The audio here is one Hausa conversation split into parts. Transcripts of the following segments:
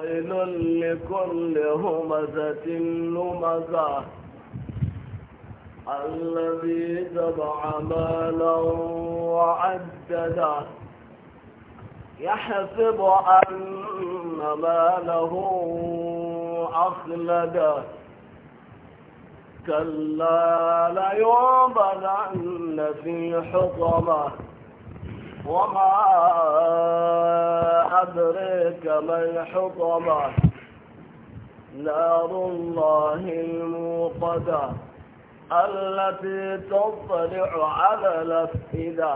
ويل لكل همزة لمزة الذي جمع مالا وعدده يحسب أن ماله أخلده كلا لينبذن في حطمه وما أدريك ما الحطمة نار الله الموقدة التي تطلع على الأفئدة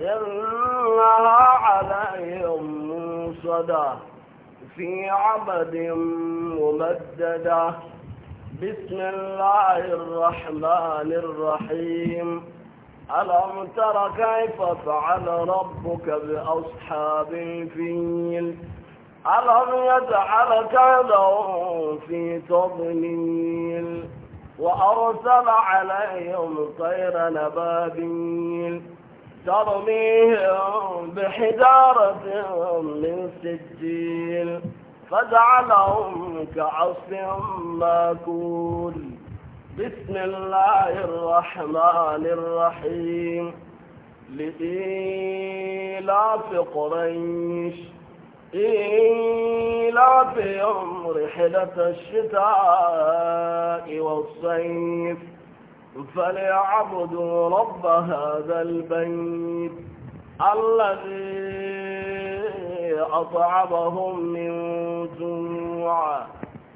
إنها عليهم موصدة في عبد ممددة بسم الله الرحمن الرحيم ألم تر كيف فعل ربك بأصحاب الفيل ألم يجعل كيدهم في تضليل وأرسل عليهم طير نبابيل ترميهم بحجارة من سجيل فجعلهم كعصف ماكول بسم الله الرحمن الرحيم لإيلاف قريش يوم رحلة الشتاء والصيف فليعبدوا رب هذا البيت الذي أطعمهم من جوع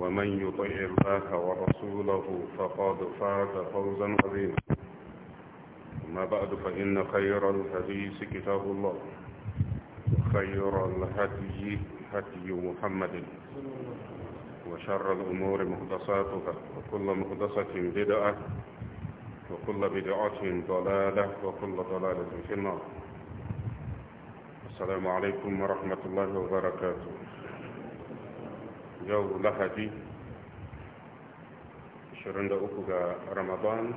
ومن يطع الله ورسوله فقد فاز فوزا عظيما أما بعد فإن خير الحديث كتاب الله وخير الهدي هدي محمد وشر الأمور مهدساتها وكل مهدسة بدعة وكل بدعة ضلالة وكل ضلالة في النار السلام عليكم ورحمة الله وبركاته yau lahadi 23 ga ramadan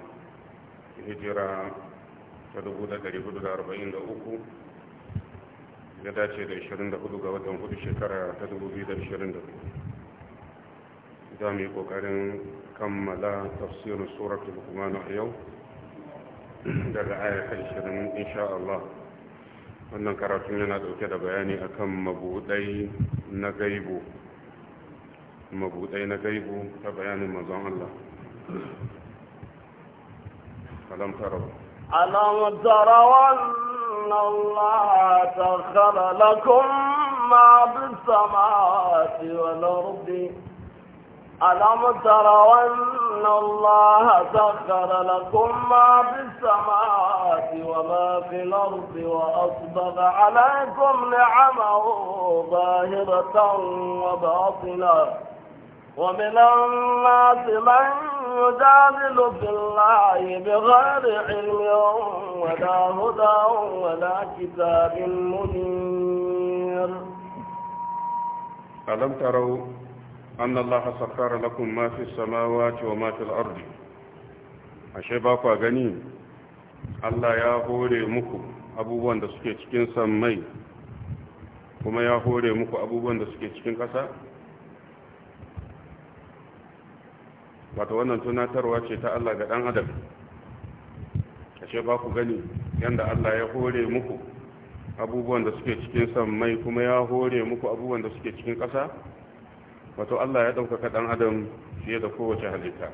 hijira ta 1443 ya dace da 24 ga watan hudu shekara ta 2022 za mu yi kokarin kammala tafsirin suratul kumanu a yau daga ayyukan 20 insha Allah wannan karatun yana dauke da bayani akan mabudai na gaibu المبعوث أين كيفه كبيان المزان الله ألم تروا ألم تروا أن الله سخر لكم ما بالسماوات والأرض ألم تروا أن الله سخر لكم ما بالسماوات وما في الأرض وأصبغ عليكم نعمه ظاهرة وباطنة ومن الناس من يجادل في الله بغير علم ولا هدى ولا كتاب منير ألم تروا أن الله سخر لكم ما في السماوات وما في الأرض أشباك وغني الله يا هوري مكو abubuwan da suke cikin sammai kuma ya hore muku abubuwan da suke cikin ƙasa wato wannan tunatarwa ce ta Allah ga dan adam ce ba ku gani yadda Allah ya hore muku abubuwan da suke cikin sammai kuma ya hore muku abubuwan da suke cikin ƙasa wato Allah ya ɗaukaka ɗan adam fiye da kowace halitta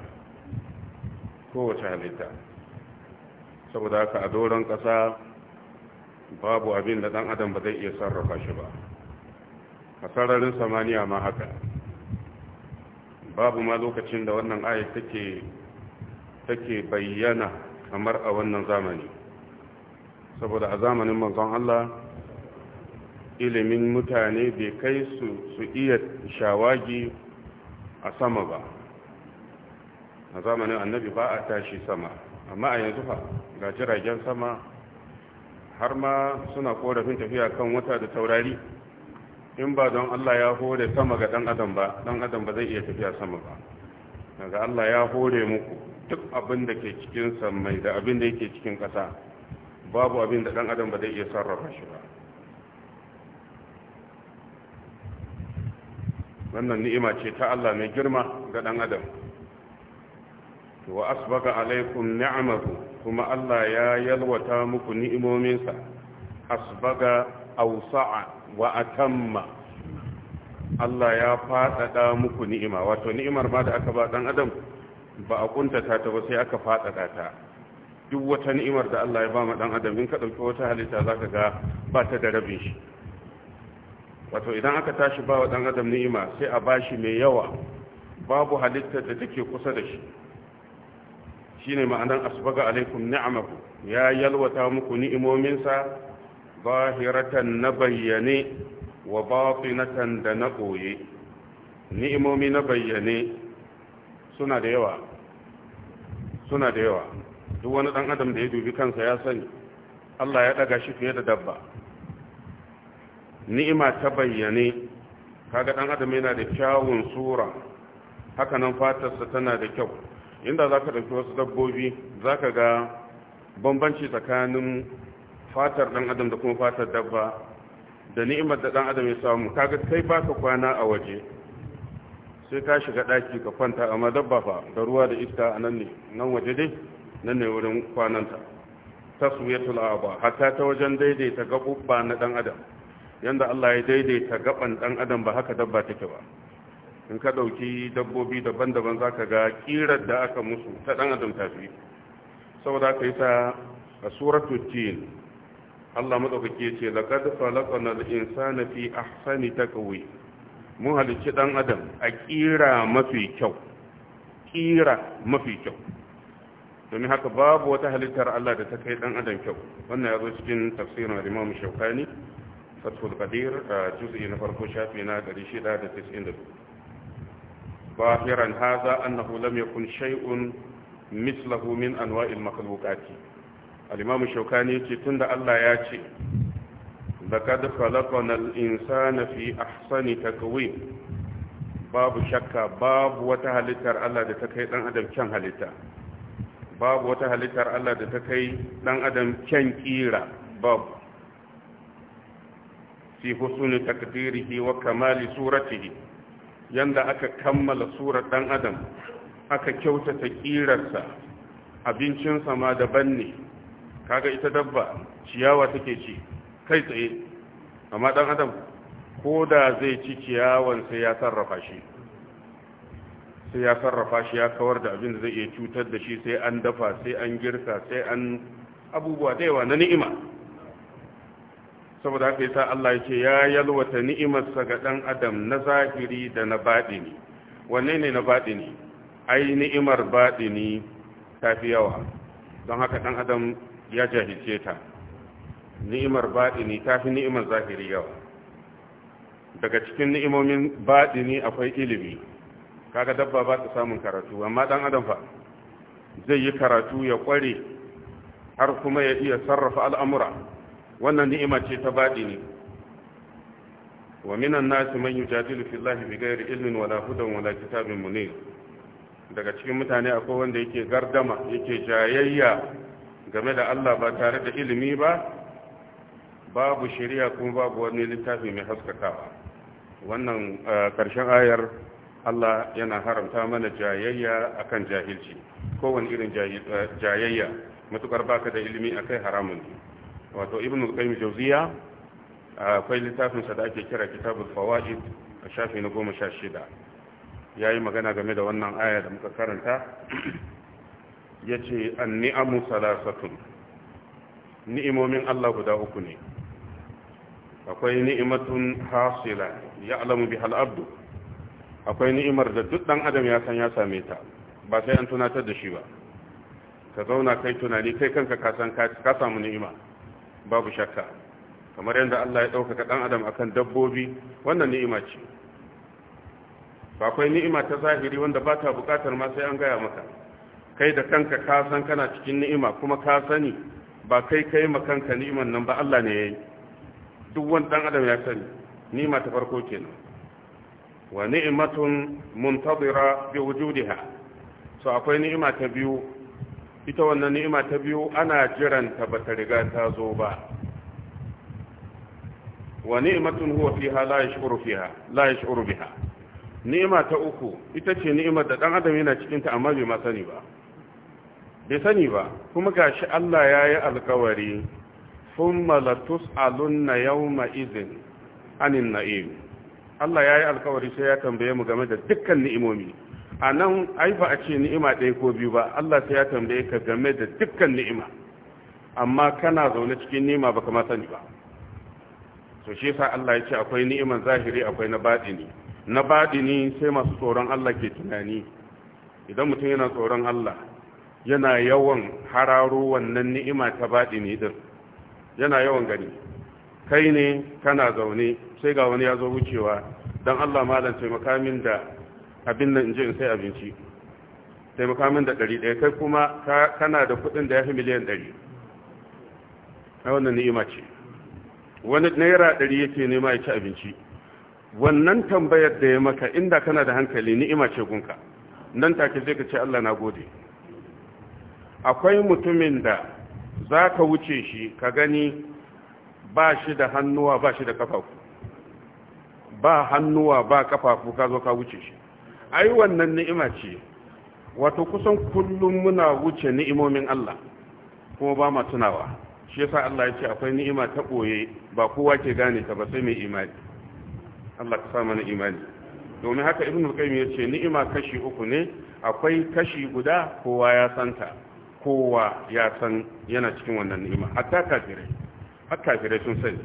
kowace halitta saboda haka a doron ƙasa babu abin da ɗan adam ba zai iya sarrafa shi ba a sararin samaniya ma haka babu ma lokacin da wannan aya take take bayyana kamar a wannan zamani saboda a zamanin manzon Allah ilimin mutane bai kai su su iya shawagi a sama ba a zamanin annabi ba a tashi sama amma a yanzu fa ga jiragen sama har ma suna korafin tafiya kan wata da taurari in ba don Allah ya hore sama ga dan adam ba dan adam ba zai iya tafiya sama ba daga Allah ya hore muku duk abin da ke cikin samai da abin da yake cikin ƙasa babu abin da dan adam ba zai iya sarrafa shi ba wannan ni'ima ce ta Allah mai girma ga dan adam wa asbaga alaikum ni'amahu kuma Allah ya yalwata muku ni'imominsa asbaga awsa'a wa atamma Allah ya faɗaɗa muku ni'ima wato ni'imar ma da aka ba ɗan adam ba a kuntata ta ba sai aka faɗaɗa ta duk wata ni'imar da Allah ya ba ma ɗan adam in ka ɗauki wata halitta za ka ga ba ta da rabin shi wato idan aka tashi ba wa ɗan adam ni'ima sai a ba shi mai yawa babu halittar da take kusa da shi shine ma'anar asbaga alaikum ni'amahu ya yalwata muku ni'imominsa zahiratan na bayyane wa batinatan da na ɓoye ni'imomi na bayyane suna da yawa duk wani ɗan adam da ya dubi kansa ya sani Allah ya ɗaga shi fiye da dabba ni'ima ta bayyane kaga ɗan adam yana da kyawun sura Hakanan fatarsa tana da kyau inda za ka ɗauki wasu dabbobi za ka ga bambanci tsakanin fatar dan adam da kuma fatar dabba da ni'imar da dan adam ya samu kaga kai baka kwana a waje sai ka shiga daki ka kwanta amma dabba fa da ruwa da iska anan ne nan waje dai nan ne wurin kwananta taswiyatul aba hatta ta wajen daidaita gabubba na dan adam yanda Allah ya daidaita gaban dan adam ba haka dabba take ba in ka ɗauki dabbobi daban-daban zaka ga kirar da aka musu ta dan adam ta fi saboda kai ta a suratul tin Allah madaukake yace laqad khalaqana al-insana fi ahsani taqwim mun halicci dan adam a kira mafi kyau kira mafi kyau domin haka babu wata halittar Allah da ta kai dan adam kyau wannan yazo cikin tafsirin al-Imam Shawkani Fathul Qadir juz'i na farko shafi na 692 ظاهرا هذا أنه لم يكن شيء مثله من أنواع المخلوقات al-imam ce tun da Allah ya ce laqad khalaqana al-insana fi ahsani takwim babu shakka babu wata halittar Allah da ta kai dan adam kyan halitta babu wata halittar Allah da ta kai dan adam kyan kira babu fi husuni takdirihi wa kamali suratihi yanda aka kammala surar dan adam aka kyautata kirarsa abincinsa ma daban ne kaga ita dabba ciyawa take ci kai tsaye amma dan adam ko da zai ci ciyawan sai ya sarrafa shi sai ya sarrafa shi ya kawar da abin da zai iya cutar da shi sai an dafa sai an girka sai an abubuwa da yawa na ni'ima saboda haka yasa Allah ya ce ya yalwata ni'imarsa ga dan adam na zahiri da na badini wanne ne na badini ai ni'imar baɗini ta fi yawa don haka dan adam ya jahilce ta ni'imar baɗini ta fi ni'imar zahiri yau. daga cikin ni'imomin baɗini akwai ilimi kaga dabba ba ta samun karatu amma ɗan adam fa zai yi karatu ya ƙware har kuma ya iya sarrafa al'amura wannan ni'ima ce ta baɗini wa minan nasi man yujadilu fillahi bighairi ilmin wala hudan wala kitabin munir daga cikin mutane akwai wanda yake gardama yake jayayya game da Allah ba tare da ilimi ba babu shari'a kuma babu wani littafi mai haskakawa wannan karshen eh, ayar Allah yana haramta mana jayayya akan jahilci kowane irin eh, jayayya matukar baka da ilimi akai haramun wato ibnu qayyim jawziya eh, akwai littafin sa da ake kira kitabul fawaid a shafi na 16 yayi magana game da wannan aya da muka karanta ya ce an ni'amu salasatun ni'imomin Allah guda uku ne akwai ni'imatun hasila ya alamu bi hal'abdu akwai ni'imar da duk dan adam ya san ya same ta ba sai an tunatar da shi ba ka zauna kai tunani kai kanka ka samu ni'ima babu shakka kamar yadda Allah ya ɗaukaka ɗan adam akan dabbobi wannan ni'ima ce ba akwai ni'ima ta zahiri wanda ba ta buƙatar ma sai an gaya maka kai da kanka ka san kana cikin ni'ima kuma ka sani ba kai kai ma kanka ni'iman nan ba Allah ne yayi duk wani dan adam ya sani ni'ima ta farko kenan wa ni'matun muntadira bi wujudiha so akwai ni'ima ta biyu ita wannan ni'ima ta biyu ana jiranta ba ta riga ta zo ba wa ni'matun huwa fiha la yash'uru fiha la yash'uru biha ni'ima ta uku ita ce ni'imar da dan adam yana cikin ta amma bai ma sani ba bai sani ba kuma gashi Allah ya yi alkawari thumma latus'alunna yawma idhin anin na'im Allah ya yi alkawari sai ya tambaye mu game da dukkan ni'imomi a nan ai ba a ce ni'ima ɗaya ko biyu ba Allah sai ya tambaye ka game da dukkan ni'ima amma kana zaune cikin ni'ima baka ma sani ba to shi yasa Allah ya ce akwai ni'iman zahiri akwai na batini na batini sai masu tsoron Allah ke tunani idan mutum yana tsoron Allah yana yawan hararo wannan ni'ima ta baɗi ne din yana yawan gani kai ne kana zaune sai ga wani ya zo wucewa don allah malam taimaka min da abin nan in sai abinci taimaka min da ɗari ɗaya kai kuma kana da kuɗin da ya fi miliyan ɗari a wannan ni'ima ce wani naira ɗari yake nema ya ci abinci wannan tambayar da ya maka inda kana da hankali ni'ima ce gunka nan take sai ka ce allah na gode akwai mutumin da za ka wuce shi ka gani ba shi da hannuwa ba shi da kafafu ba hannuwa ba kafafu ka zo ka wuce shi ai wannan ni'ima ce wato kusan kullum muna wuce ni'imomin Allah kuma ba ma tunawa shi yasa Allah ya ce akwai ni'ima ta boye ba kowa ke gane ta ba sai mai imani Allah ka sa mana imani domin haka ibnu qayyim ya ce ni'ima kashi uku ne akwai kashi guda kowa ya santa kowa ya san yana cikin wannan ni'ima hatta kafirai har kafirai sun sani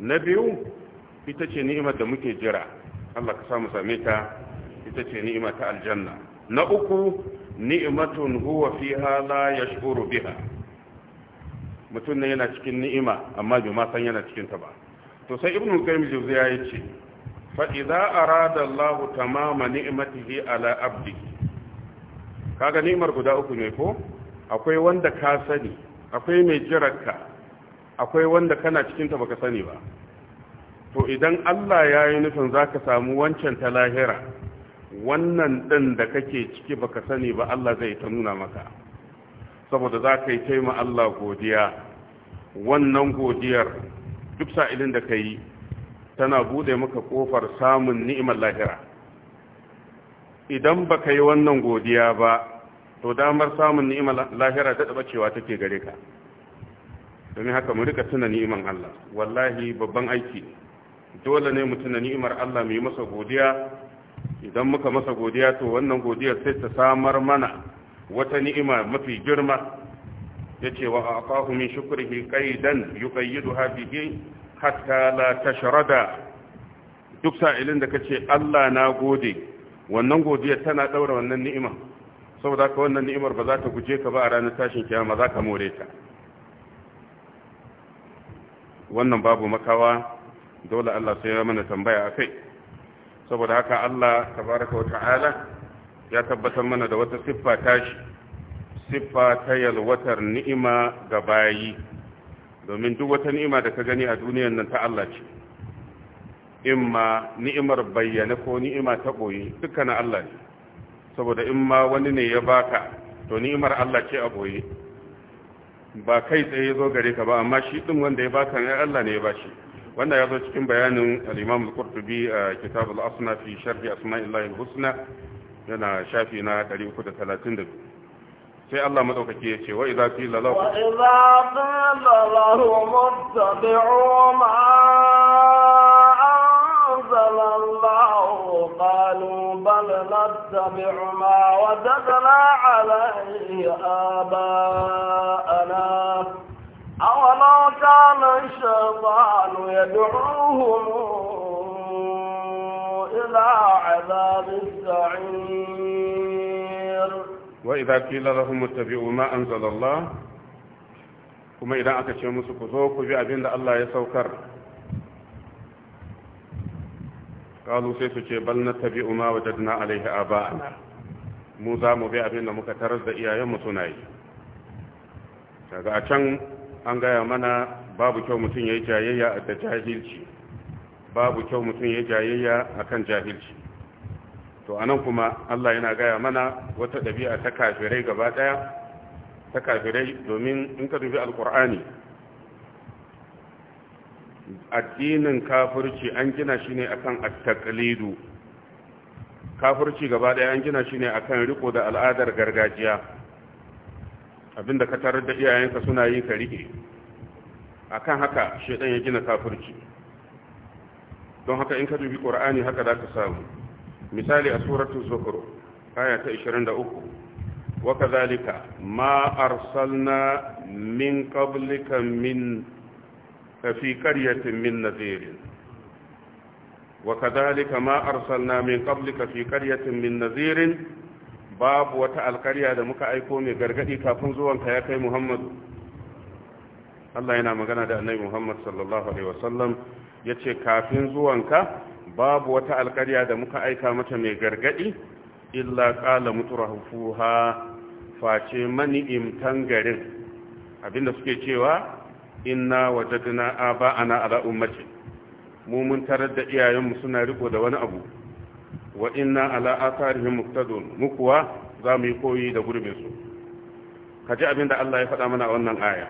na biyu ita ce ni'imar da muke jira Allah ka samu same ta ita ce ni'ima ta aljanna na uku ni'imatun huwa fiha la yashkuru biha mutum ne yana cikin ni'ima amma bai ma san yana cikin ta ba to sai ibnu qayyim jawziya yace fa idza arada Allah tamama ni'matihi ala abdihi kaga ni'imar guda uku ne ko akwai wanda ka sani akwai mai jirarka akwai wanda kana cikinta ta baka sani ba to idan Allah ya yi nufin zaka samu wancan ta lahira wannan din da kake ciki baka sani ba Allah zai ta nuna maka saboda za ka yi taima Allah godiya wannan godiyar duk sa'ilin da ka yi tana bude maka ƙofar samun ni'imar lahira idan baka yi wannan godiya ba to damar samun ni'ima lahira da cewa take gare ka domin haka mu rika tuna ni'iman Allah wallahi babban aiki dole ne mu tuna ni'imar Allah mu yi masa godiya idan muka masa godiya to wannan godiyar sai ta samar mana wata ni'ima mafi girma yace wa aqahu min shukrihi qaidan yuqayyiduha bihi hatta la tashrada duk sa'ilin da kace Allah na gode wannan godiyar tana daura wannan ni'ima saboda ka wannan ni'imar ba za ta guje ka ba a ranar tashin kiyama za ka more ta wannan babu makawa dole Allah sai ya mana tambaya akai saboda haka Allah tabaraka wata'ala ya tabbatar mana da wata siffa tashi siffa ta yalwatar ni'ima ga bayi domin duk wata ni'ima da ka gani a duniyar nan ta Allah ce imma ni'imar bayyana ko ni'ima ta boye na Allah ne saboda imma wani ne ya baka to ni'imar Allah ce a boye ba kai tsaye zo gare ka ba amma shi din wanda ya baka ne Allah ne ya bashi wanda ya zo cikin bayanin al-Imam al-Qurtubi a Kitab al-Asna fi Sharh Asma'illahi al-Husna yana shafi na 332 sai Allah madaukake ya ce wa idza qila lahum wa idza qila lahum ittabi'u ma أنزل الله قالوا بل نتبع ما وجدنا عليه آباءنا أولا كان الشيطان يدعوهم إلى عذاب السعير وإذا قيل لهم اتبعوا ما أنزل الله kuma idan aka ce musu ku zo ku bi abin da Allah ya saukar kalu sai su ce bal natabi ma wajadna alaihi aba'ana mu za mu bi abin da muka tarar da iyayenmu suna yi daga a can an gaya mana babu kyau mutum ya yi jayayya da jahilci babu kyau mutum ya yi jayayya kan jahilci to anan kuma Allah yana gaya mana wata ɗabi'a ta kafirai gaba ɗaya ta kafirai domin in ka dubi alkur'ani addinin kafirci an gina shi ne akan at-taqlidu kafirci gaba daya an gina shi ne akan riko da al'adar gargajiya abinda ka tarar da iyayenka suna yi ka rike akan haka shedan ya gina kafirci don haka in ka dubi qur'ani haka za ka samu misali a suratul zukhruf aya ta 23 kadhalika ma arsalna min قبلك min. fi qaryatin min nadhirin wa kadhalika ma arsalna min qablika fi qaryatin min nadhirin babu wata alƙarya da muka aiko mai gargadi kafin zuwanka ya kai Muhammadu Allah yana magana da annabi Muhammad sallallahu alaihi wasallam yace kafin zuwanka babu wata alƙarya da muka aika mata mai gargadi illa qala mutrafuha face mani imtan garin abinda suke cewa inna wajadna aba'ana ala ummati mu mun tarar da iyayenmu suna riko da wani abu wa inna ala atharihim muqtadun mu kuwa za mu yi koyi da gurbin su kaji da Allah ya faɗa mana a wannan aya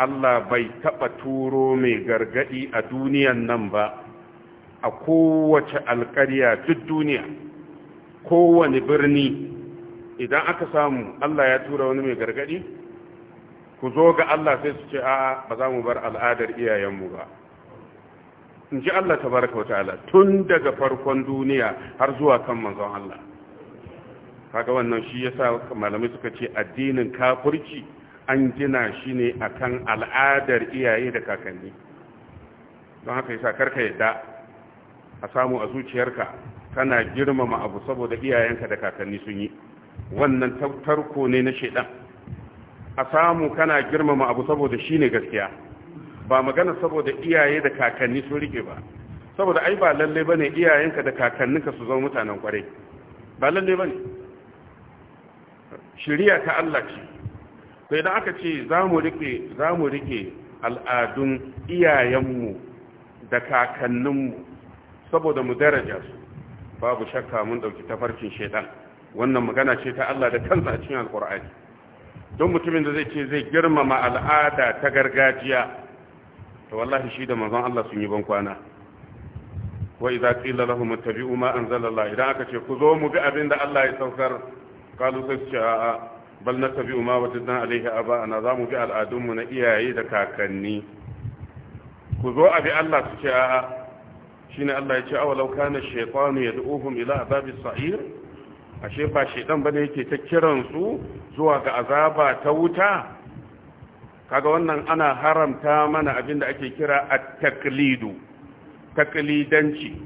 Allah bai taɓa turo mai gargaɗi a duniyan nan ba a kowace alƙarya duk duniya kowane birni idan aka samu Allah ya tura wani mai gargaɗi? ku zo ga Allah sai su ce a ba za mu bar al'adar iyayenmu ba in ji Allah ta baraka wa ta'ala tun daga farkon duniya har zuwa kan manzon Allah kaga wannan shi yasa malamai suka ce addinin kafirci an gina shi ne akan al'adar iyaye da kakanni don haka yasa karka yadda a samu a zuciyarka kana girmama abu saboda iyayenka da kakanni sun yi wannan tarko ne na shaidan. a samu kana girmama abu saboda shi ne gaskiya ba magana saboda iyaye da kakanni sun rike ba saboda ai ba lalle bane iyayenka da kakanninka su zama mutanen kwarai ba lalle bane shiriya ta Allah ce to idan aka ce zamu rike zamu rike al'adun iyayenmu da kakanninmu saboda mu daraja su babu shakka mun ɗauki tafarkin shedan wannan magana ce ta Allah da kansa a cikin alqur'ani don mutumin da zai ce zai girmama al'ada ta gargajiya to wallahi shi da mazan Allah sun yi ban kwana wa idza qila lahum ittabi'u ma anzala Allah idan aka ce ku zo mu bi abin da Allah ya saukar qalu sasha bal natabi'u ma wajadna alayhi aba ana za mu bi al'adun mu na iyaye da kakanni ku zo abi Allah su ce a'a shine Allah ya ce awalau kana shaytanu yad'uhum ila ababis sa'ir ashe ba dan bane yake ta kiran su zuwa ga azaba ta wuta kaga wannan ana haramta mana abin da ake kira at-taqlidu taklidanci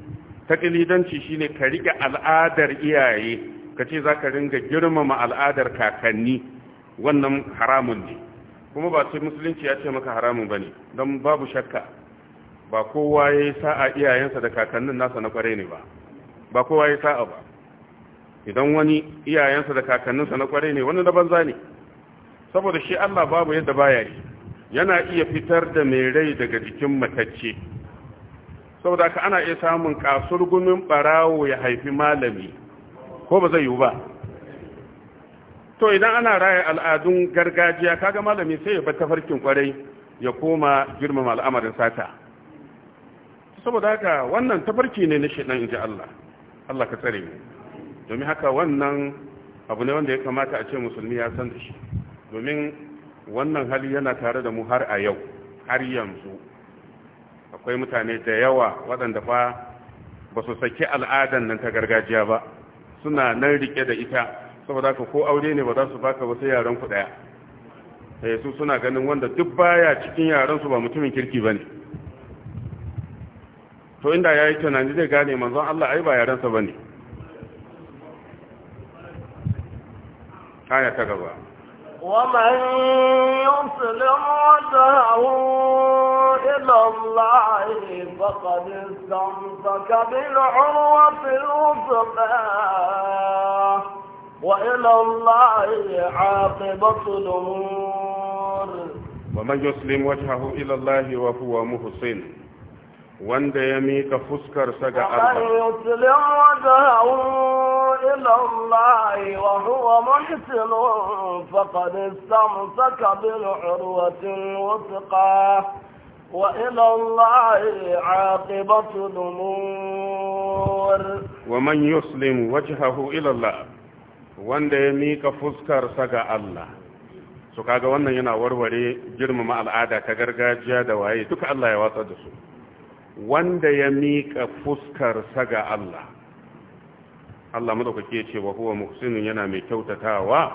taqlidanci shine ka rike al'adar iyaye ka ce za ka ringa girmama al'adar kakanni wannan haramun ne kuma ba sai musulunci ya ce maka haramun bane dan babu shakka ba kowa yi sa'a iyayensa da kakannin nasa na kware ne ba ba kowa yi sa'a ba idan wani iyayensa da kakanninsa na kwarai ne wani na banza ne saboda shi Allah babu yadda baya yi yana iya fitar da mai rai daga jikin matacce saboda ka ana iya samun kasurgumin barawo ya haifi malami ko ba zai yiwu ba to idan ana raya al'adun gargajiya kaga malami sai ya bar tafarkin kware ya koma girmama al'amarin sata saboda haka wannan tafarki ne na in inji Allah Allah ka tsare mu domin haka wannan abu ne wanda ya kamata a ce musulmi ya san da shi domin wannan hali yana tare da mu har a yau har yanzu akwai mutane da yawa waɗanda fa ba su saki al'adan nan ta gargajiya ba suna nan rike da ita saboda ka ko aure ne ba za su baka wasu yaran ku ɗaya eh, su suna ganin wanda duk baya cikin yaran su ba mutumin kirki ba to inda yayi tunani zai gane manzon Allah ai ba yarensa ba ne aya ta gaba ومن يسلم وجهه إلى الله فقد استمسك بالعروة الوثقى وإلى الله عاقبة الأمور ومن يسلم وجهه إلى الله وهو محسن wanda ya mika fuskarsa ga Allah. إلى الله وهو محسن فقد استمسك بالعروة الوثقى وإلى الله عاقبة الأمور ومن يسلم وجهه إلى الله wanda ya فسكر fuskarsa الله Allah su kaga wannan yana warware girmama al'ada ta gargajiya da waye duka Allah ya watsar da su wanda ya mika fuskarsa ga Allah Allah madaukake ya ce wa huwa muhsinun yana mai kyautatawa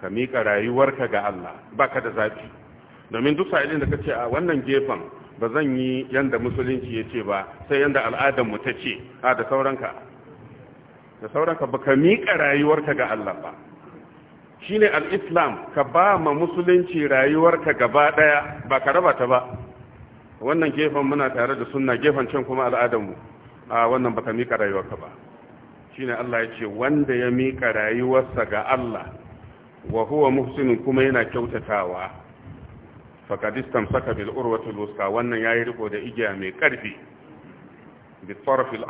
ka mika rayuwarka ga Allah baka da zafi domin duk sa'ilin da kace a wannan gefen ba yi yanda musulunci yace ba sai yanda al'adar mu ta ce a da sauranka da sauranka baka mika rayuwarka ga Allah ba shine al-islam ka ba ma musulunci rayuwarka gaba daya ba ka raba ta ba wannan gefen muna tare da sunna gefen can kuma al'adar mu a wannan baka mika rayuwarka ba shine Allah ya ce wanda ya mika rayuwarsa ga Allah wa huwa muhsinun kuma yana kyautatawa Fakadistan saka bil urwatil wusta wannan yayi riko da igiya mai karfi bi tarf al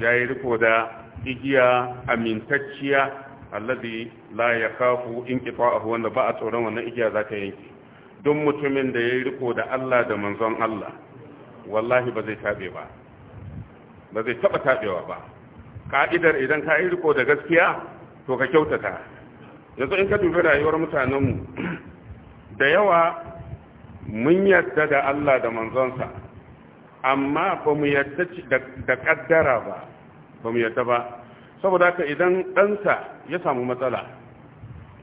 yayi riko da igiya amintacciya alladhi la yakhafu inqita'ahu wanda ba a tsoron wannan igiya za ta yanke don mutumin da yayi riko da Allah da manzon Allah wallahi ba zai tabe ba ba zai taba tabewa ba ka'idar idan ka yi riko da gaskiya to ka kyautata yanzu in ka dubi rayuwar mutanenmu da yawa mun yadda da Allah da manzonsa amma ba mu yadda da kaddara ba ba mu yadda ba saboda haka idan ɗansa ya samu matsala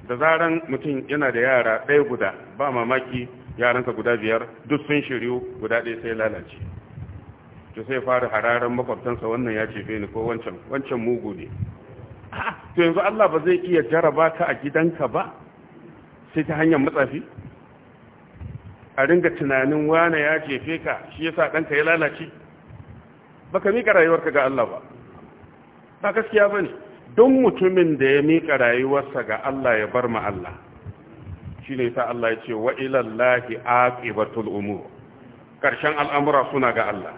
da zaran mutum yana da yara ɗaya guda ba mamaki yaransa guda biyar duk sun shiryu guda ɗaya sai lalace to sai fara hararen makwabtansa wannan ya cefe ni ko wancan wancan mugu ne to yanzu Allah ba zai iya jaraba ka a gidanka ba sai ta hanyar matsafi a ringa tunanin wane ya cefe ka shi yasa ɗanka ya lalace baka mika rayuwarka ga Allah ba ba gaskiya bane don mutumin da ya mika rayuwarsa ga Allah ya bar ma Allah shine yasa Allah ya ce wa ilallahi aqibatul umur karshen al'amura suna ga Allah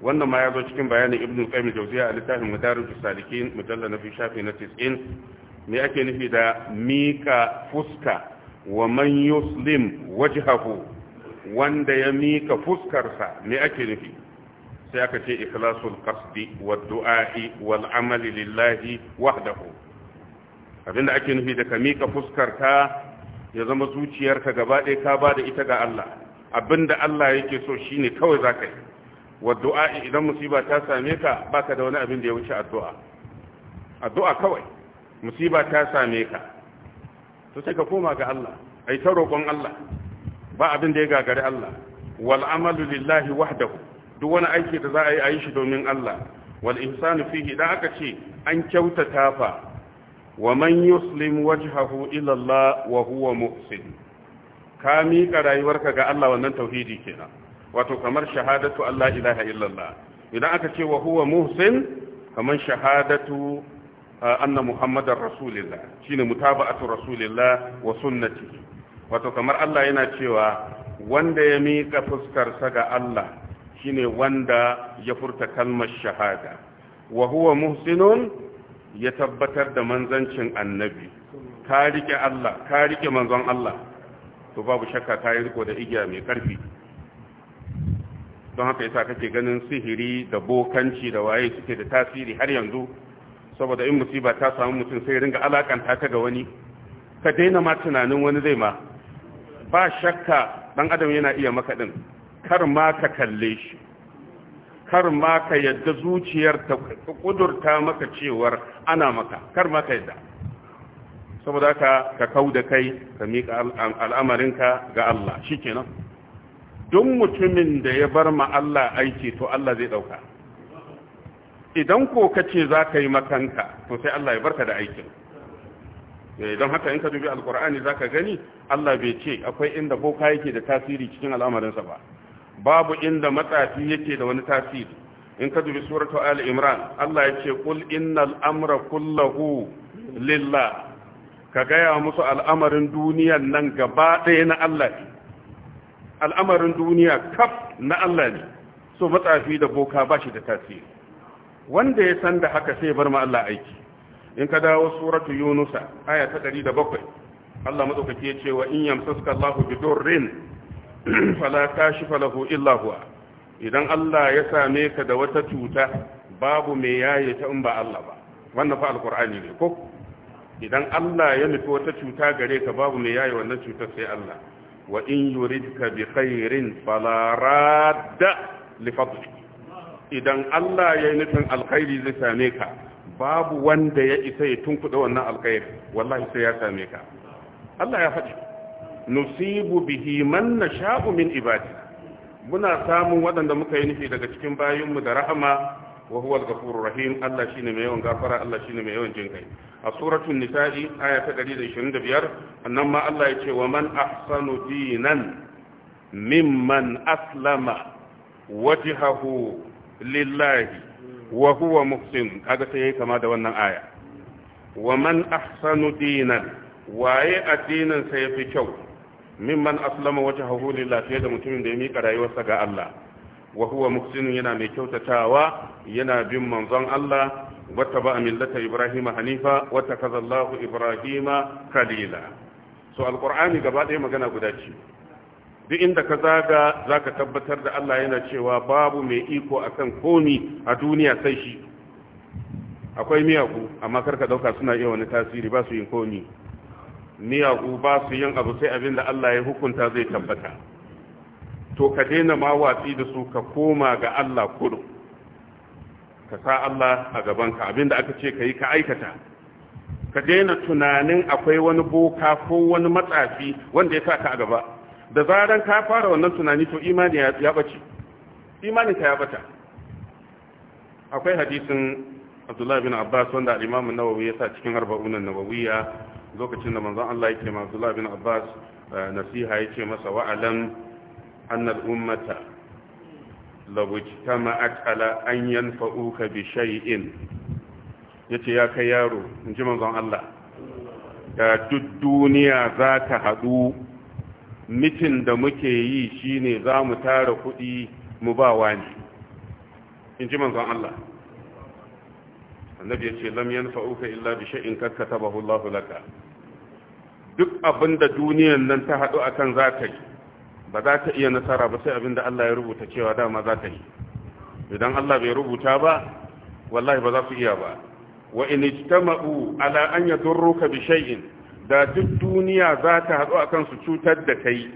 wannan ma ya zo cikin bayanin ibn qayyim jawziya a littafin madarijus salikin mujalla na fi shafi na 90 me ake nufi da mika fuska wa man yuslim wajhahu wanda ya mika fuskarsa me ake nufi sai aka ce ikhlasul qasdi wad du'a'i wal amali lillahi wahdahu abinda ake nufi da ka mika fuskarka ya zama zuciyarka gaba ɗaya ka ba da ita ga Allah abinda Allah yake so shine kawai zaka yi wa du'a idan musiba ta same ka baka da wani abin da ya wuce addu'a addu'a kawai musiba ta same ka to sai ka koma ga Allah ai ta roƙon Allah ba abin da ya gagari Allah wal amalu lillahi wahdahu duk wani aiki da za a yi a yi shi domin Allah wal ihsanu fihi dan aka ce an kyauta tafa. wa man yuslim wajhahu ila Allah wa huwa muhsin ka miƙa rayuwarka ga Allah wannan tauhidi kenan wato kamar shahadatu Allah ilaha illallah idan aka ce wa huwa muhsin kamar shahadatu uh, anna muhammadar rasulillah shine mutaba'atu rasulillah wa sunnati wato kamar Allah yana cewa wanda ya mika fuskarsa ga Allah shine wanda ya furta kalmar shahada wa huwa muhsinun ya tabbatar da manzancin annabi ka rike Allah ka rike manzon Allah to babu shakka ta yi riko da igiya mai ƙarfi. don haka yasa kake ganin sihiri da bokanci da waye suke da tasiri har yanzu saboda in musiba ta samu mutum sai ringa alakanta ta ga wani ka daina ma tunanin wani zai ma ba shakka dan adam yana iya maka din kar ma ka kalle shi kar ma ka yadda zuciyar ta kudurta maka cewar ana maka kar ma ka yadda saboda ka ka kau da kai ka miƙa al'amarinka ga Allah shikenan duk mutumin da ya bar ma Allah aiki to Allah zai ɗauka idan ko kace ce za ka yi makanka to sai Allah ya barka da aikin idan eh, haka in ka dubi alkur'ani za ka gani Allah bai ce akwai inda boka yake da tasiri cikin al'amarinsa ba babu inda matsafi yake da wani tasiri in ka dubi suratu al imran Allah ya ce kul innal amra kullahu lillah ka gaya musu al'amarin duniyan nan gaba ɗaya na Allah ne al'amarin duniya kaf na Allah ne so matsafi da boka ba shi da tasiri wanda ya san da haka sai bar ma Allah aiki in ka dawo suratu yunusa aya ta 107 Allah madaukake ya ce wa in yamsaska Allahu bidurrin fala kashifa lahu illa huwa idan Allah ya same ka da wata cuta babu mai yaye ta in ba Allah ba wannan fa alqur'ani ne ko idan Allah ya nufi wata cuta gare ka babu mai yaye wannan cutar sai Allah wa in yuridka bi khairin fala radda li idan Allah ya yi nufin alkhairi zai same ka babu wanda ya isa ya tunkuɗa wannan alkhairi wallahi sai ya same ka Allah ya faɗi nusibu bihi man nasha'u min ibadi muna samun waɗanda muka yi nufi daga cikin bayinmu da rahama wa huwa al-ghafurur rahim Allah shine mai yawan gafara Allah shine mai yawan jinkai a suratul nisa'i aya ta 125 annan ma Allah yace wa man ahsanu dinan mimman aslama wajhahu lillahi wa huwa muhsin kaga sai kama da wannan aya wa man ahsanu dinan waye addinin sa yafi kyau mimman aslama wajhahu lillahi da mutumin da ya miƙa rayuwarsa ga Allah Wahuwa huwa yana mai kyautatawa yana bin manzon Allah a millata ibrahima hanifa wata Allahu ibrahima khalila so alqur'ani gaba ɗaya magana guda ce duk inda ka zaga zaka tabbatar da Allah yana cewa babu mai iko akan komi a duniya sai shi akwai miyagu amma karka dauka suna iya wani tasiri ba su yin komi miyagu ba su yin abu sai abin da Allah ya hukunta zai tabbata to ka daina ma watsi da su ka koma ga Allah kudu ka sa Allah a gabanka abinda aka ce ka yi ka aikata ka daina tunanin akwai wani boka ko wani matsafi wanda ya sa ka a gaba da zaran ka fara wannan tunani to imani ya bace imanin ka ya bata akwai hadisin Abdullah bin Abbas wanda al-Imam nawawi ya sa cikin arba'un an lokacin da manzon Allah yake ma Abdullah bin Abbas eh, nasiha yake masa wa'alan أن الأمة لو اجتمعت على أن ينفعوك بشيء yace ya kai yaro in ji manzon Allah da duk duniya za ta haɗu mitin da muke yi shine za mu tara kuɗi mu ba wani in ji manzon Allah annabi yace lam yanfa'uka illa bi shay'in kad katabahu Allah laka duk abinda duniyan nan ta haɗu akan za ta yi ba za ta iya nasara ba sai abin da Allah ya rubuta cewa dama za ta yi idan Allah bai rubuta ba wallahi ba za su iya ba wa in ijtama'u ala an yadurruka bi shay'in da duk duniya za ta hadu akan su cutar da kai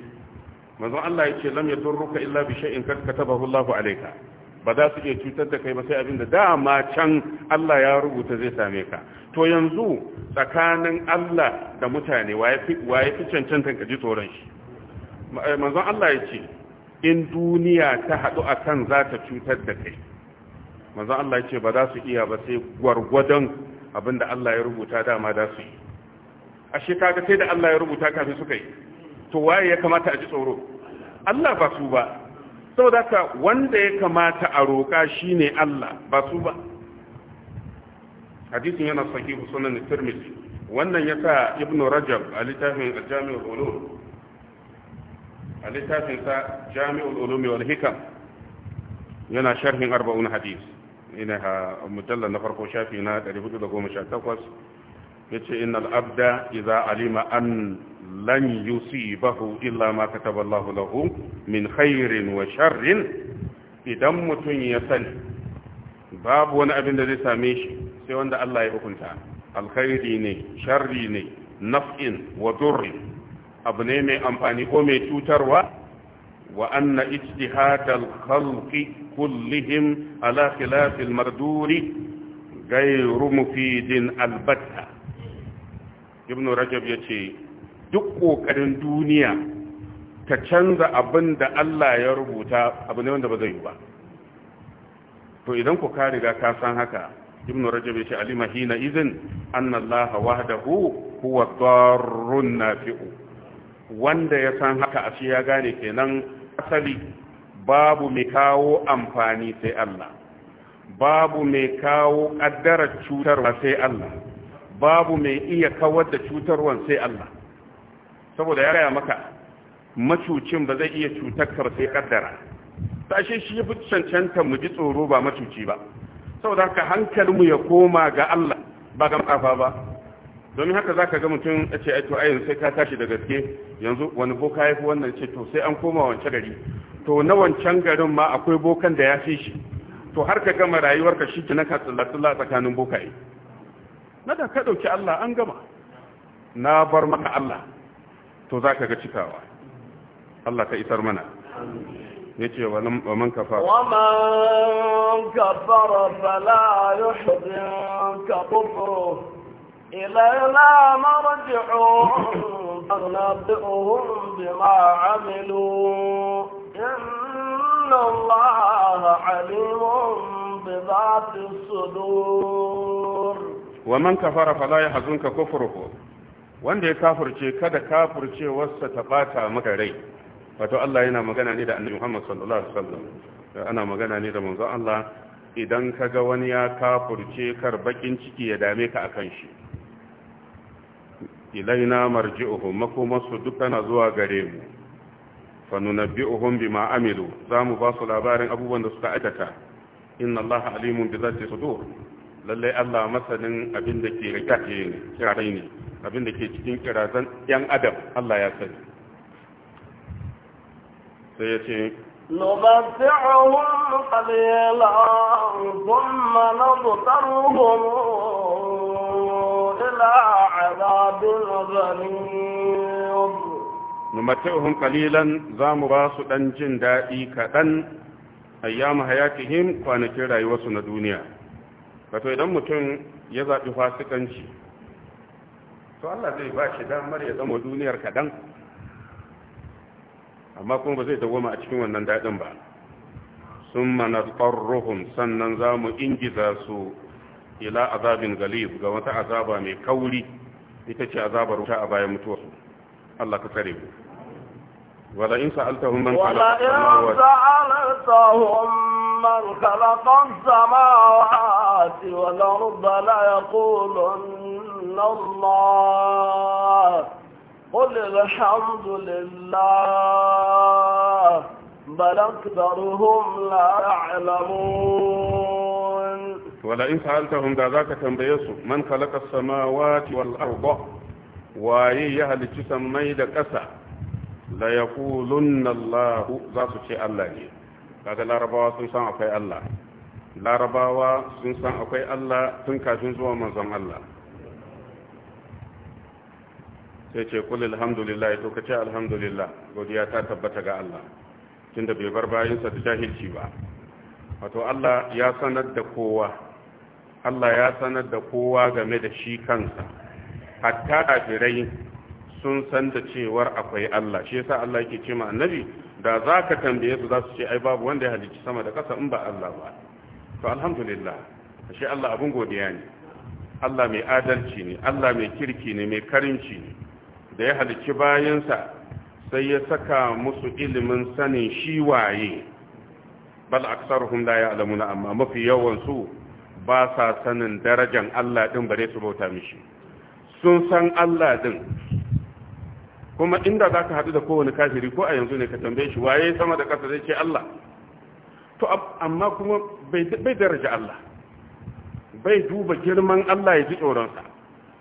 manzo Allah yake lam yadurruka illa bi shay'in kad katabahu Allah alayka ba za su iya cutar da kai ba sai abin da dama can Allah ya rubuta zai same ka to yanzu tsakanin Allah da mutane waye fi cancanta ka ji tsoron shi Eh, manzon Allah ya ce in duniya ta haɗu a kan za ta cutar da kai manzon Allah ya ce ba za su iya ba sai gwargwadon abinda Allah ya rubuta dama za su yi A kaga sai da Allah ya rubuta kafin suka yi to waye ya kamata a ji tsoro Allah ba su ba saboda ka wanda ya kamata a roƙa shine Allah ba su ba hadisin yana sahihu sunan tirmidhi wannan yasa ibnu rajab a littafin al-jami' al-ulum a littafinsa jami'ul ulumi wal hikam yana sharhin arba'un hadis ina ha mujalla na farko shafi na 418 yace innal abda idza alima an lan yusibahu illa ma kataba Allah lahu min khairin wa sharrin idan mutun ya sani babu wani abin da zai same shi sai wanda Allah ya hukunta alkhairi ne sharri ne naf'in wa durrin abu ne mai amfani ko mai cutarwa wa anna ijtihadal khalqi kullihim ala khilafil marduri ghayru mufidin albatta ibn rajab yace duk kokarin duniya ta canza abin da Allah ya rubuta abu ne wanda ba zai yi ba to idan ku ka riga ka san haka ibn rajab yace alima hina izin anna Allah wahdahu huwa darrun nafi'u wanda ya san haka ashe ya gane kenan asali babu mai kawo amfani sai Allah babu mai kawo ƙaddarar cutarwa sai Allah babu mai iya kawar da cutarwan sai Allah saboda ya gaya maka macucin ba zai iya cutar sai ƙaddara tashi shi fi cancanta mu ji tsoro ba macuci ba saboda haka hankalinmu ya koma ga Allah ba ga makafa ba domin haka za ka ga mutum a ce to ayin sai ka tashi da gaske yanzu wani boka ya fi wannan ce to sai an koma wancan gari to na wancan garin ma akwai bokan da ya fi shi to har ka gama rayuwar ka shi kina na ka tsalla tsakanin bokaye na da ka ɗauki Allah an gama na bar maka Allah to za ka ga cikawa Allah ka isar mana ya ce wa man kafa. wa man kafara fala yuhdin ka kufru لا مرجعهم فنبئهم بما عملوا إن الله عليم بذات الصدور ومن كفر فلا يحزنك كفره wanda ya kafurce kada wasa ta bata maka rai wato Allah yana magana ne da Annabi Muhammad sallallahu alaihi wasallam ana magana ne da manzo Allah idan kaga wani ya kafurce kar bakin ciki ya dame ka akan shi ilaina marji'uhum makomansu duka na zuwa gare mu fa nunabbi'uhum bima amilu zamu ba su labarin abubuwan da suka aikata inna allaha alimun bi zati sudur lalle Allah masanin abin da ke rikace ne abin da ke cikin kirazan yan adam Allah ya sani sai ya ce نمتعهم قليلا ثم نضطرهم إلى عذاب غليظ نمتعهم قليلا زام daɗi دنجن دائي كدن أيام حياتهم kwanakin rayuwarsu na duniya wato idan mutum ya zaɓi fasikanci to Allah zai ba shi damar ya zama duniyar kaɗan amma kuma ba zai dawoma a cikin wannan daɗin ba sun manasƙarruhun sannan za mu ingiza su ila azabin galib ga wata azaba mai kauri ita ce azabar wuta a bayan mutuwarsu Allah ka tsare mu wala in sa'altahum man sa'altahum man khalaqa as-samawati wal arda la yaqulunna Allah قل الحمد لله بل أكثرهم لا يعلمون wala in sa'altahum da zaka tambaye su man khalaqa as-samawati wal arda waye ya halicci sammai da ƙasa la yaqulunna Allah za su ce Allah ne kaga larabawa sun san akwai Allah larabawa sun san akwai Allah tun kafin zuwa manzon Allah sai ce kul alhamdulillah to kace alhamdulillah godiya ta tabbata ga Allah tunda bai bar bayinsa da jahilci ba wato Allah ya sanar da kowa Allah ya sanar da kowa game da shi kansa hatta kafirai sun san da cewar akwai Allah shi yasa Allah yake ce ma annabi da ka tambaye su za su ce ai babu wanda ya halicci sama da ƙasa in ba Allah ba to alhamdulillah shi Allah abun godiya ne Allah mai adalci ne Allah mai kirki ne mai karinci ne da ya halicci bayansa sai ya saka musu ilimin sanin shi waye bal aktsaruhum la ya'lamuna amma mafi yawan su ba sa sanin darajan Allah din bare su bauta mishi sun san Allah din kuma inda za ka haɗu da kowane kafiri ko a yanzu ne ka tambaye shi waye sama da ƙasa zai ce Allah to amma kuma bai daraja Allah bai duba girman Allah ya ji tsoronsa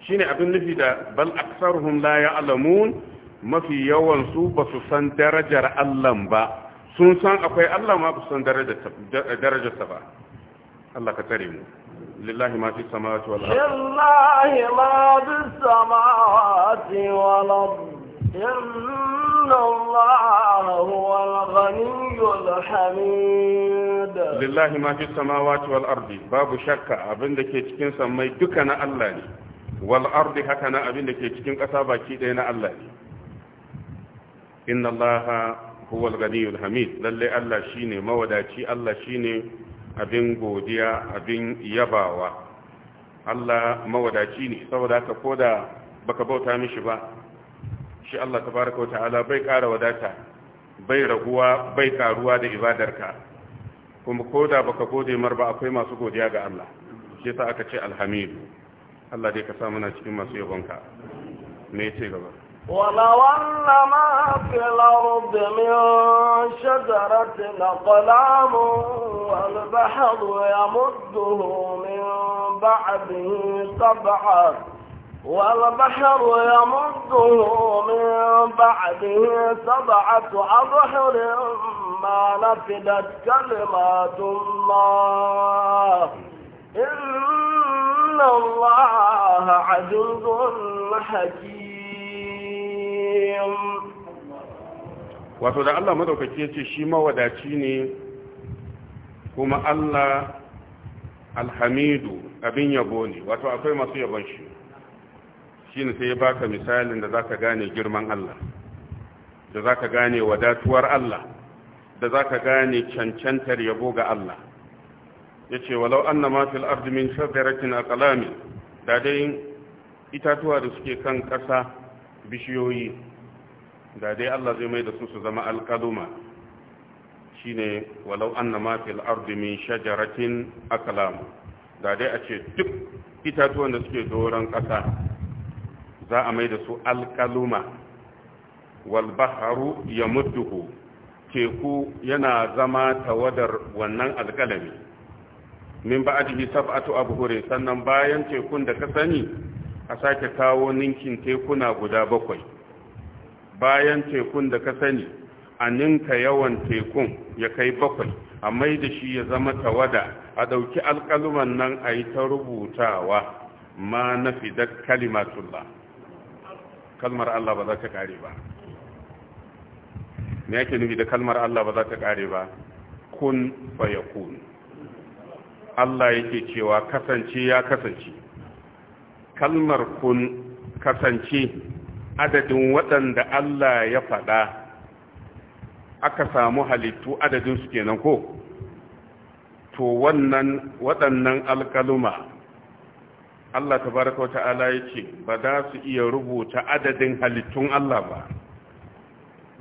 shi ne abin nufi da bal aksaruhum ya alamun mafi yawansu ba su san darajar Allah ba sun san akwai Allah ma ba su san darajarsa ba Allah ka tsare mu lillahi ma fi samawati wal ardh lillahi ma fi samawati wal ardh inna allaha huwal ghaniyyul hamid lillahi ma fi samawati wal ardh babu shakka abinda ke cikin samai duka na Allah ne wal ardi haka na abinda ke cikin ƙasa baki ɗaya na Allah ne inna allaha huwal ghaniyyul hamid lalle Allah shine mawadaci Allah shine abin godiya abin yabawa Allah mawadaci ne saboda ka ko da baka bauta mishi ba shi Allah tabaraka wata'ala bai ƙara wadata bai raguwa bai karuwa da ibadarka kuma ko baka gode mar ba akwai masu godiya ga Allah shi yasa aka ce alhamidu Allah dai ka sa muna cikin masu yabonka me yace gaba ولو أن ما في الأرض من شجرة أقلام والبحر يمده من بعده سبعة والبحر يمده من بعده سبعة أبحر ما نفدت كلمات الله إن الله عزيز حكيم wato da Allah madaukaki yace shi mawadaci ne kuma Allah alhamidu abin yabo ne wato akwai masu yabon shi shine sai ya baka misalin da zaka gane girman Allah da ka gane wadatuwar Allah da ka gane cancantar yabo ga Allah yace walau annama fil ardi min a aqlami da dai itatuwa da suke kan ƙasa bishiyoyi da dai Allah zai mai da su su zama alƙaluma shine walau annama fil ardi min shajaratin aqlam da dai a ce duk itatuwan da suke doron ƙasa za a mai da su alƙaluma walbaharu ya mutuhu teku yana zama tawadar wannan alƙalami min ba a ba'dihi sab'atu abhurin sannan bayan tekun da ka sani a sake kawo ninkin tekuna guda bakwai bayan tekun da ka sani a ninka yawan tekun ya kai bakwai a mai da shi ya zama tawada a ɗauki alƙaluman nan a yi ta rubutawa ma na fidar kalimatullah kalmar Allah ba za ta ƙare ba me yake nufi da kalmar Allah ba za ta ƙare ba kun fa yakun Allah yake cewa kasance ya kasance kalmar kun kasance adadin waɗanda Allah ya faɗa aka samu halittu adadin su kenan ko to wannan waɗannan alƙaluma Allah Ta baraka wa ta'ala ya ce ba za su iya rubuta adadin halittun Allah ba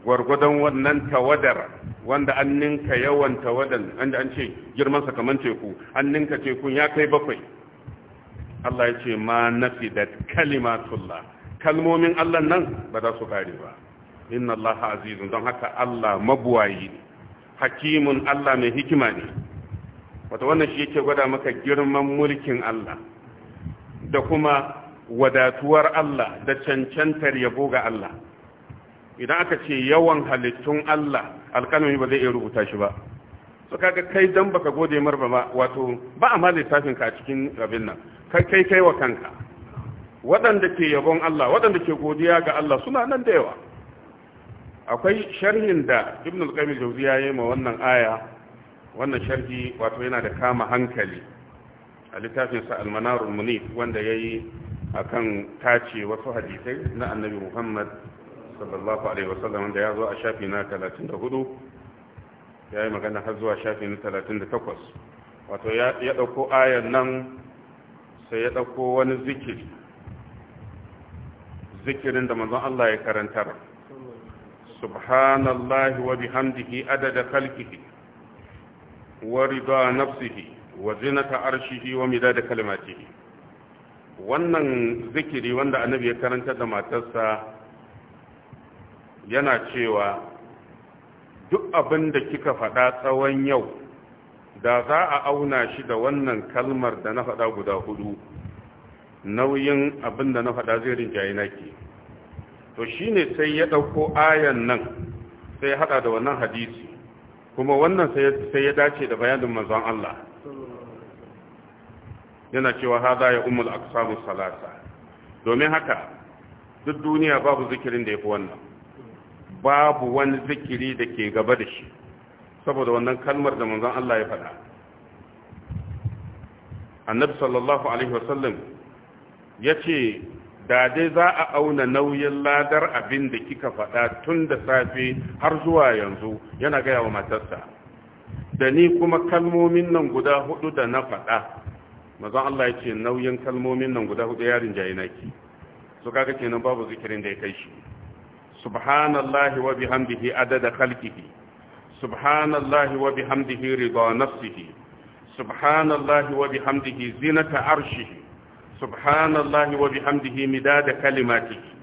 gwargwadon wannan tawadar wanda an ninka yawan tawadan an ce girmansa kamar teku an ninka tekun ya kai bakwai Allah ya ce ma da kalimatullah kalmomin Allah nan ba za su kare ba inna Allah azizun don haka Allah mabuwayi ne hakimun Allah mai hikima ne wata wannan shi yake gwada maka girman mulkin Allah da kuma wadatuwar Allah da cancantar yabo ga Allah idan aka ce yawan halittun Allah alkalmi ba zai iya rubuta shi ba so kaga kai dan baka gode marba ba wato ba a ma littafin ka cikin abin nan kai kai wa kanka waɗanda ke yabon Allah waɗanda ke godiya ga Allah suna nan da yawa akwai sharhin da ibn al-qayyim al-jawziya yayi ma wannan aya wannan sharhi wato yana da kama hankali a littafin sa al-manar al-munif wanda yayi akan tace wasu hadisai na annabi Muhammad sallallahu alaihi wasallam da ya zo a shafi na 34 yayi magana har zuwa shafi na 38 wato ya dauko ayan nan sai ya ɗauko wani zikiri zikirin da manzon Allah ya karantar subhanallahi wa bihamdihi adada khalqihi wa rida nafsihi wa zinata arshihi wa midada kalimatihi wannan zikiri wanda annabi ya karanta da matarsa yana cewa duk abin da kika faɗa tsawon yau da za a auna shi da wannan kalmar da na faɗa guda hudu nauyin abin da na faɗa zai rinjaye naki to shi ne sai ya ɗauko ayan nan sai ya haɗa da wannan hadisi kuma wannan sai ya dace da bayanin mazan Allah yana cewa haza ya umul aqsamu salasa domin haka duk duniya babu zikirin da ya fi wannan babu wani zikiri da ke gaba da shi saboda wannan kalmar da manzon Allah ya faɗa annabi sallallahu alaihi wasallam ya ce da dai za a auna nauyin ladar abin da kika faɗa tun da safe har zuwa yanzu yana gaya wa matarsa da ni kuma kalmomin nan guda hudu da na faɗa mazan Allah ya ce nauyin kalmomin nan guda hudu yarin naki su kaga kenan babu zikirin da ya kai shi subhanallahi wa bihamdihi adada khalqihi subhanallahi wa bihamdihi rida nafsihi subhanallahi wa bihamdihi zinata arshihi subhanallahi wa bihamdihi midada kalimatihi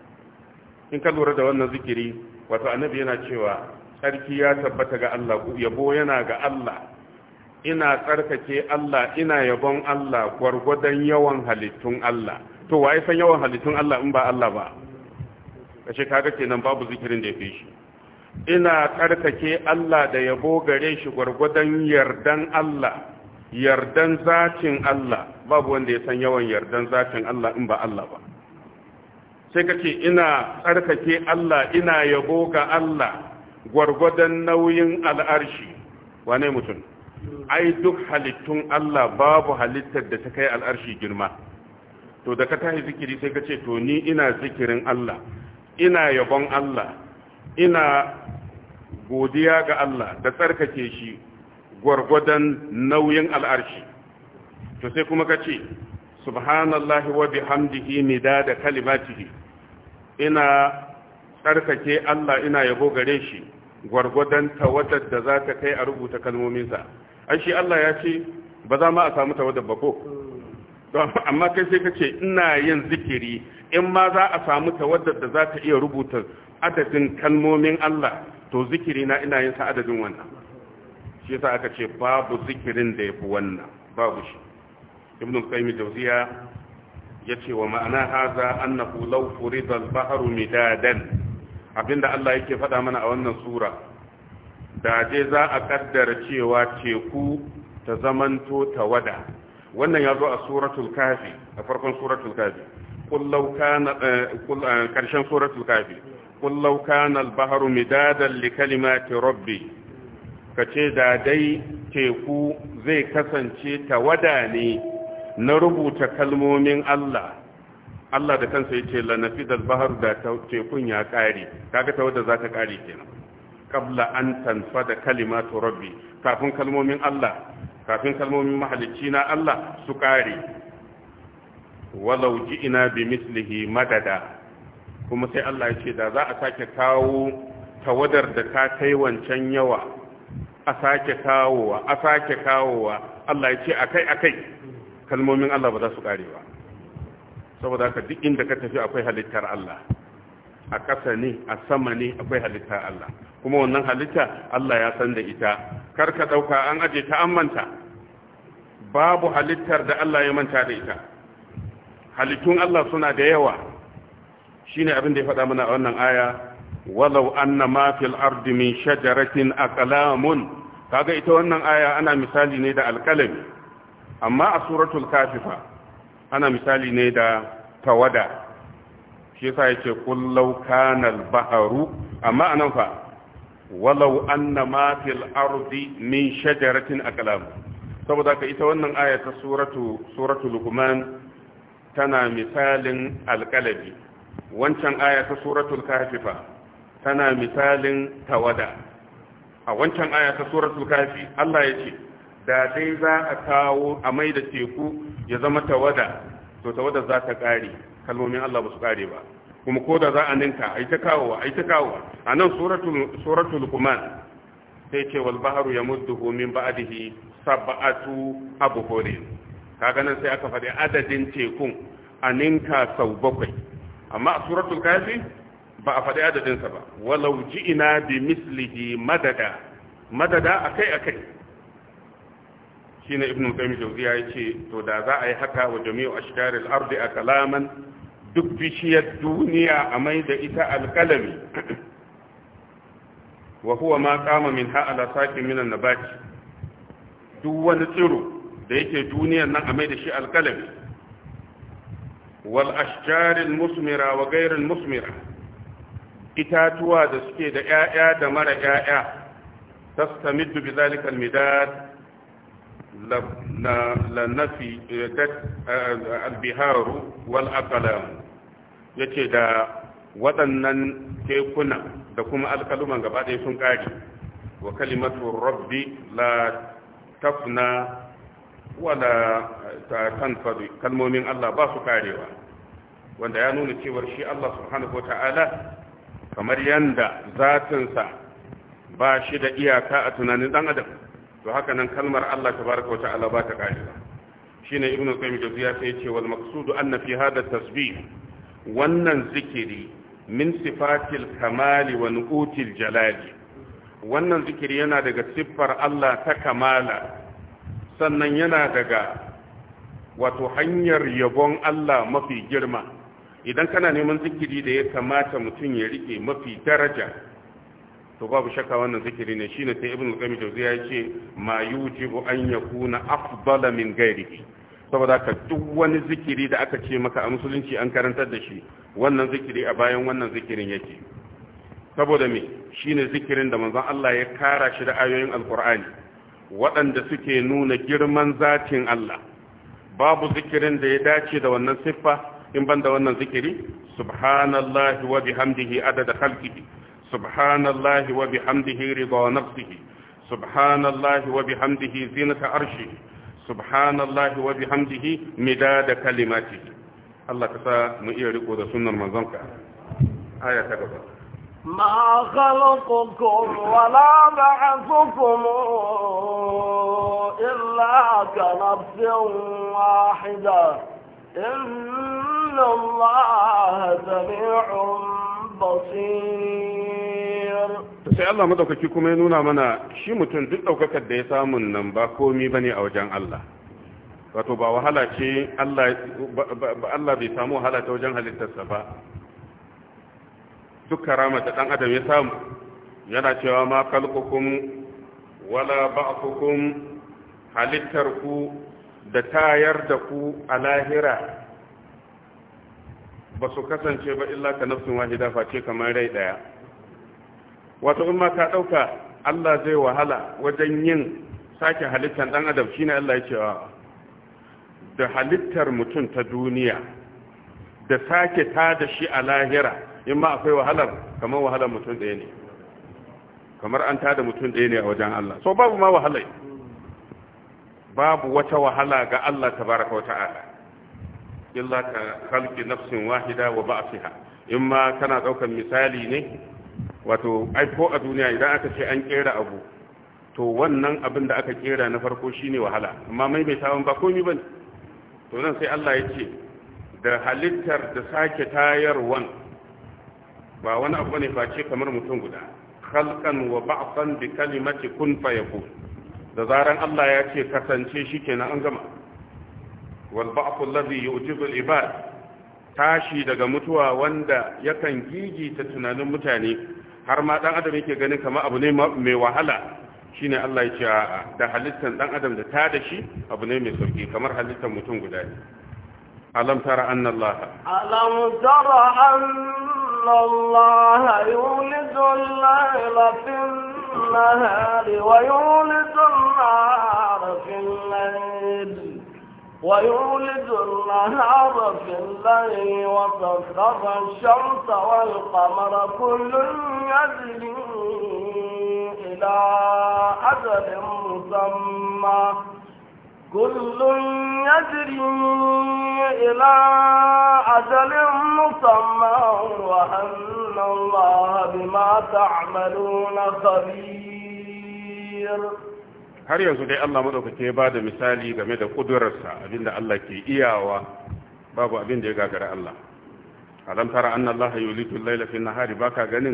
in ka lura da wannan zikiri wato annabi yana cewa sarki ya tabbata ga Allah yabo yana ga Allah ina tsarkake Allah ina yabon Allah gwargwadon yawan halittun Allah to waye san yawan halittun Allah in ba Allah ba kashe ga kenan babu zikirin da ya fi shi ina tsarkake Allah da yabo gare shi gwargwadon yardan Allah yardan zatin Allah babu wanda ya san yawan yardan zatin Allah in ba Allah ba sai ka ce ina tsarkake Allah ina yabo ga Allah gwargwadon nauyin al'arshi wane mutum ai duk halittun Allah babu halittar da ta kai al'arshi girma to da ka tahi zikiri sai ka ce to ni ina zikirin Allah ina yabon Allah ina godiya ga Allah da tsarkake shi gwargwadon nauyin al'arshi to sai kuma ka ce Subhanallah wa bihamdihi da kalimatihi ina tsarkake Allah ina yabo gare shi gwargwadon tawadar da za ta kai a rubuta kalmominsa an shi Allah ya ce ba za ma a samu tawadar ba ko amma kai sai ka ce ina yin zikiri in ma za a samu tawadar da za ta iya rubuta adadin kalmomin Allah to zikiri na ina yin sa adadin wannan shi yasa aka ce babu zikirin da yafi wannan babu shi ibnu qayyim jawziya yace wa ma'ana haza annahu law furida al-bahru midadan abinda Allah yake faɗa mana a wannan sura da je za a kaddara cewa teku ta zamanto tawada wannan ya zo a suratul kafi a farkon suratul kafi kullau kana eh, eh, karshen suratul kafi قل لو كان البحر مدادا لكلمات ربي kace da dai teku zai kasance tawada ne na rubuta kalmomin Allah Allah da kansa yace lanafidal bahar da tekun ya kare kaga tawada za ta kare kenan qabla an tanfada kalimatu rabbi kafin kalmomin Allah kafin kalmomin mahalicci na Allah su kare walau ji'ina bi mislihi madada kuma sai Allah ya ce da za a sake kawo tawadar da ta kai wancan yawa a sake kawowa a sake kawowa Allah ya ce akai akai kalmomin Allah ba za su kare ba saboda ka duk inda ka tafi akwai halittar Allah a ƙasa ne a sama ne akwai halittar Allah kuma wannan halitta Allah ya san da ita kar ka ɗauka an aje ta an manta babu halittar da Allah ya manta da ita halittun Allah suna da yawa shine abin da ya faɗa mana a wannan aya walau anna ma fil ardi min shajaratin aqlamun kaga ita wannan aya ana misali ne da alqalami amma a suratul kafifa ana misali ne da tawada shi yasa yake qul law kana al baharu amma anan fa walau anna ma fil ardi min shajaratin aqlam saboda ka ita wannan aya ta suratu suratu luqman tana misalin alqalabi wancan aya ta suratul kahfi fa tana misalin tawada a wancan aya ta suratul kahfi Allah ya ce da dai za a kawo a mai da teku ya zama tawada to tawada za ta kare kalmomin Allah ba su kare ba kuma ko da za a ninka ai ta kawo ai ta kawo a nan suratul suratul kuman sai ce wal baharu yamudduhu min ba'dihi sab'atu abhurin kaga nan sai aka faɗi adadin tekun a ninka sau bakwai amma a suratul kafi ba a faɗi adadinsa ba walau ina bi mislihi madada madada akai akai shine ibnu qayyim jawziya yace to da za a yi haka wa jami'u ashkaril ardi kalaman duk bishiyar duniya a mai da ita alkalami wa huwa ma kama min ha'ala saqin min an duk wani tsiro da yake duniyar nan a mai da shi alkalami wal ashjarin musmira wa gairin musmira itatuwa da suke da 'ya'ya da mara 'ya'ya tastamiddu bi zalika almidad la nafi albiharu wal yace da waɗannan tekuna da kuma alkaluman gaba ɗaya sun ƙare. wa kalimatu rabbi la tafna wala ta tanfadu kalmomin Allah ba su karewa wanda ya nuna cewar shi Allah subhanahu wata'ala kamar yanda zatinsa ba shi da iyaka a tunanin dan adam to haka nan kalmar Allah tabaraka wata'ala ba ta karewa shine ibnu qayyim jaziya sai ce wal maqsudu anna fi hada tasbih wannan zikiri min sifatil kamali wa nuqutil jalali wannan zikiri yana daga siffar Allah ta kamala sannan yana daga wato hanyar yabon Allah mafi girma idan kana neman zikiri da ya kamata mutum ya rike mafi daraja to babu shakka wannan zikiri ne shine sai ibn al-qayyim jawziya yace ma yujibu an yakuna afdala min ghairihi saboda ka duk wani zikiri da aka ce maka a musulunci an karantar da shi wannan zikiri a bayan wannan zikirin yake saboda me shine zikirin da manzon Allah ya kara shi da ayoyin alqur'ani waɗanda suke nuna girman zatin Allah babu zikirin da ya dace da wannan siffa in ban da wannan zikiri subhanallahi wa bihamdihi adada khalqihi subhanallahi wa bihamdihi rida nafsihi subhanallahi wa bihamdihi zinata arshihi subhanallahi wa bihamdihi midada kalimatihi Allah ka sa mu iya riko da sunnar manzonka aya ta gaba ما خلقكم ولا بعثكم إلا كنفس واحدة إن الله سميع بصير sai Allah madaukaki kuma ya nuna mana shi mutum duk daukakar da ya samun nan ba komi bane a wajen Allah wato ba wahala ce Allah bai samu wahala ta wajen halittarsa ba duk karama da dan adam ya samu yana cewa ma khalqukum wala ba'thukum halittar ku da tayar da ku a lahira ba su kasance ba illa ka nafsin wahida face kamar rai daya wato in ma ka dauka Allah zai wahala wajen yin sake halittar dan adam shine Allah ya cewa da halittar mutum ta duniya da sake ta da shi a lahira in ma akwai wahalar kamar wahalar mutum ɗaya ne kamar an tada mutum ɗaya ne a wajen Allah so babu ma wahalai babu wata wahala ga Allah ta baraka wata ala. illa ka khalqi nafsin wahida wa ba'siha in ma kana daukar misali ne wato ai ko a duniya idan aka ce an kera abu to wannan abin da aka kera na farko shine wahala amma mai mai tawon ba komai bane to nan sai Allah ya ce da halittar da sake tayarwan ba wani abu ne face kamar mutum guda khalqan wa ba'san bi kalimati kun fayakun da zaran Allah ya ce kasance shikenan an gama wal ba'th alladhi yujibu al ibad tashi daga mutuwa wanda yakan gigita tunanin mutane har ma dan adam yake ganin kamar abu ne mai wahala shine Allah ya ce a'a da halittar dan adam da ta da shi abu ne mai sauki kamar halittar mutum guda ne alam tara anna Allah alam tara anna إن الله يولد الليل في النهار ويولد النهار في الليل ويولد النهار في الليل وتصرف الشمس والقمر كل يجري إلى أجل مسمى كل يجري إلى أجل مسمى وأن الله بما تعملون خبير har yanzu dai Allah madaukake ba da misali game da kudurarsa abinda Allah ke iyawa babu abinda ya gagara Allah alam tara anna Allah yulitu al-laila fi an-nahari baka ganin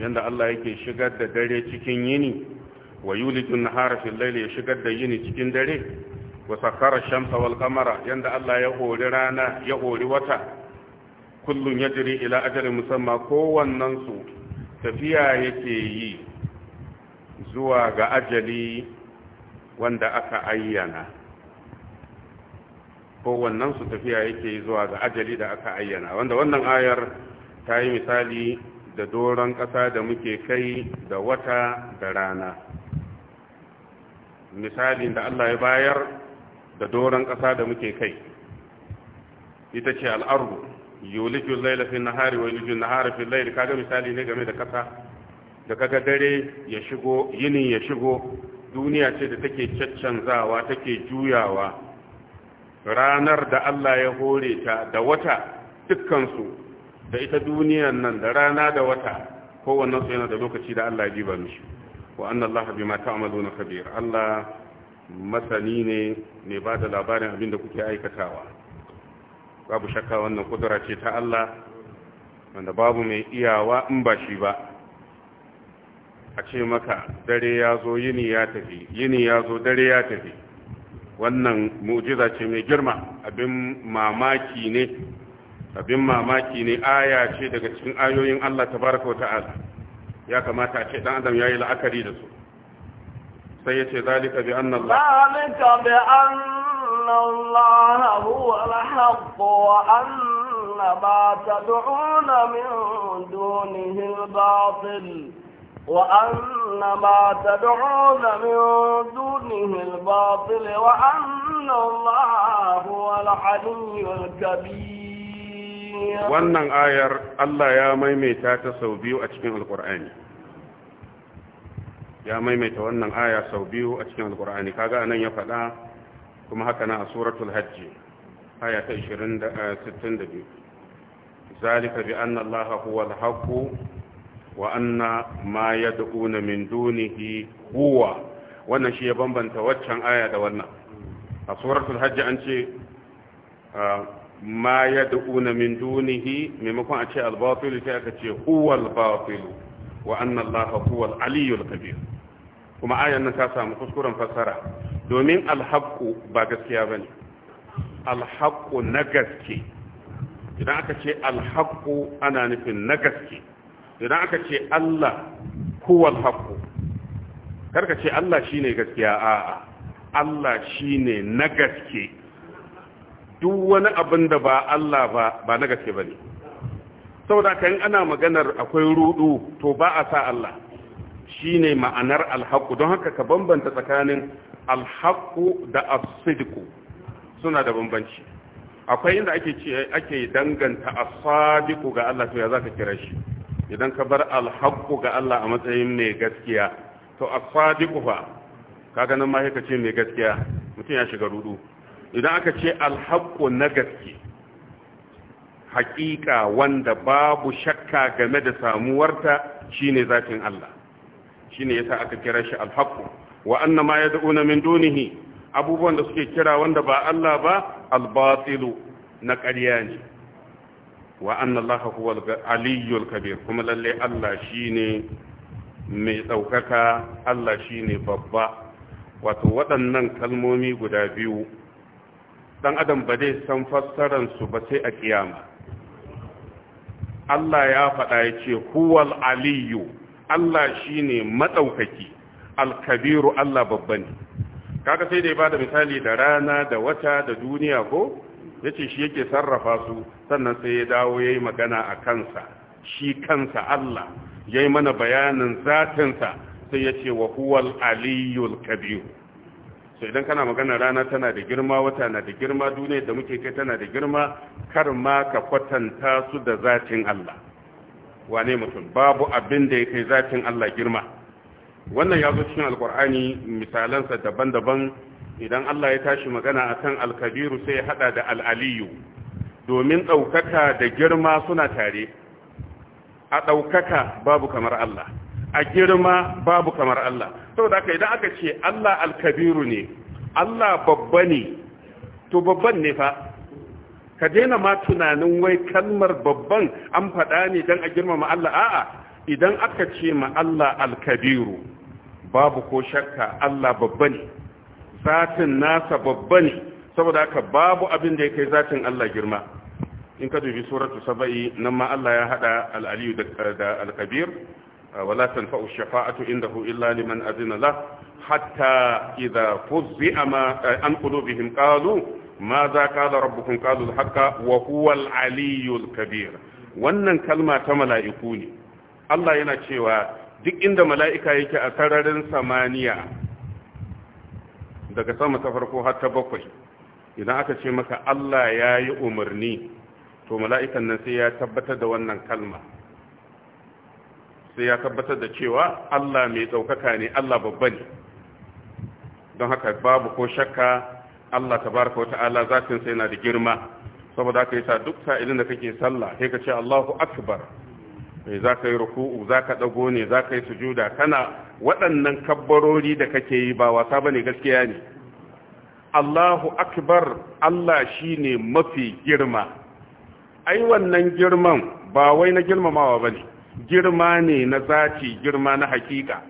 yanda Allah yake shigar da dare cikin yini wa yulitu an-nahara fi al-laili ya shigar da yini cikin dare wa sakkara shamsa wal qamara yanda Allah ya hori rana ya hori wata kullun yajri ila ajalin musamma wannan su tafiya yake yi zuwa ga ajali wanda aka ayyana wannan su tafiya yake yi zuwa ga ajali da aka ayyana wanda wannan ayar ta yi misali da doron ƙasa da muke kai da wata da rana misalin da Allah ya bayar da doron ƙasa da muke kai ita ce al'arru yulijin Lailafin fi nahari wa yulijin nahari fi lairi kaga misali ne game da ƙasa da kaga dare ya shigo yinin ya shigo duniya ce da take caccanzawa take juyawa ranar da Allah ya hore ta da wata dukkansu da ita duniyan nan da rana da wata kowannensu yana da lokaci da Allah ya ba mishi wa annallaha bima ta'maluna kabir Allah masani ne ne ba da labarin abin da kuke aikatawa babu shakka wannan kudura ce ta Allah wanda babu mai iyawa in ba shi ba a ce maka dare ya zo yini ya tafi yini ya zo dare ya tafi wannan mu'jiza ce mai girma abin mamaki ne abin mamaki ne aya ce daga cikin ayoyin Allah tabaraka wa ta'ala ya kamata a ce dan adam yayi la'akari da su فيتي ذلك بأن الله ذلك بأن الله هو الحق وأن ما تدعون من دونه الباطل وأن ما تدعون من دونه الباطل وأن الله هو العلي الكبير وأن آية الله يا ميمي تاتا سوبيو أتشكين القرآن ya maimaita wannan aya sau biyu a cikin alkur'ani kaga anan ya faɗa kuma haka na a suratul hajji aya ta 62 eh, zalika bi anna allaha huwa al-haqqu wa anna ma yad'una min dunihi huwa wannan shi ya bambanta waccan aya da wannan a suratul hajji an ce eh, ma yad'una min dunihi maimakon a ce al-batil sai aka ce huwa al-batil wa anna allaha huwa al-aliyyul kabir kuma ayan nan ta samu kuskuren fassara domin alhaqqu ba gaskiya bane alhaqqu na gaske idan aka ce alhaqqu ana nufin na gaske idan aka ce Allah huwal haqqu karka ce Allah shine gaskiya a'a Allah shine na gaske duk wani abin da ba Allah ba ba na gaske bane saboda kan ana maganar akwai rudu to ba a sa Allah shine ma'anar alhaku don haka ka bambanta tsakanin alhaku da asidiku suna da bambanci akwai inda ake ake danganta asadiku ga Allah to ya zaka kira shi idan ka bar alhaku ga Allah a matsayin mai gaskiya to asadiku fa kaga nan ma ka ce mai gaskiya mutum ya shiga rudu idan aka ce alhaku na gaske haƙiƙa wanda babu shakka game da samuwarta shine zafin Allah shine yasa aka kira shi al-haqqu wa anna ma yad'una min dunihi abubuwan da suke kira wanda ba Allah ba al na ƙarya ne wa anna Allah huwa al kabir kuma lalle Allah shine mai daukaka Allah shine babba wato waɗannan kalmomi guda biyu ɗan adam ba zai san fassaran su ba sai a kiyama Allah ya faɗa ya ce huwal aliyu Allah shi shine matsaukaki alkabiru Allah babban kaga sai da ya da misali da rana da wata da duniya ko yace shi yake sarrafa su sannan sai ya dawo ya yi magana a kansa shi kansa Allah ya yi mana bayanin zatinsa sai yace wa huwal aliyul kabiru so idan kana magana rana tana da girma wata na da girma duniya da muke kai tana da girma kar ma ka kwatanta su da zatin Allah wane mutum babu abin da ya kai zafin Allah girma wannan ya zo cikin alkur'ani misalansa daban-daban idan Allah ya tashi magana a kan alkabiru sai ya hada da al'aliyu domin ɗaukaka da girma suna tare a ɗaukaka babu kamar Allah a girma babu kamar Allah saboda haka idan aka ce Allah alkabiru ne Allah babba ne to babban ne fa ka daina ma tunanin wai kalmar babban an faɗa ne don a girmama Allah a'a idan aka ce ma Allah alkabiru babu ko shakka Allah babba ne zatin nasa babba ne saboda haka babu abin da ya kai zatin Allah girma in ka dubi suratu saba'i nan ma Allah ya hada al-aliyu da al-kabir ah, wala tanfa'u shafa'atu indahu illa liman azina la hatta idza fuzza ma an qulubihim qalu Maza za kala rabbukum qalu al-haqqa wa kabir wannan kalma ta mala'iku ne Allah yana cewa duk inda mala'ika yake a sararin samaniya daga sama ta farko har ta bakwai idan aka ce maka Allah ya yi umarni to mala'ikan nan sai ya tabbatar da wannan kalma sai ya tabbatar da cewa Allah mai ɗaukaka ne Allah babba ne don haka babu ko shakka Allah ta tabaraka wata'ala zatin sa yana da girma saboda kai sa duk sa'ilin da kake sallah sai ka ce Allahu akbar sai eh, zaka yi ruku'u zaka dago ne zaka yi sujuda kana waɗannan kabbarori da kake yi ba wasa bane gaskiya ne Allahu akbar Allah shine mafi girma ai wannan girman ba wai na girmamawa bane girma ne na zaci girma na hakika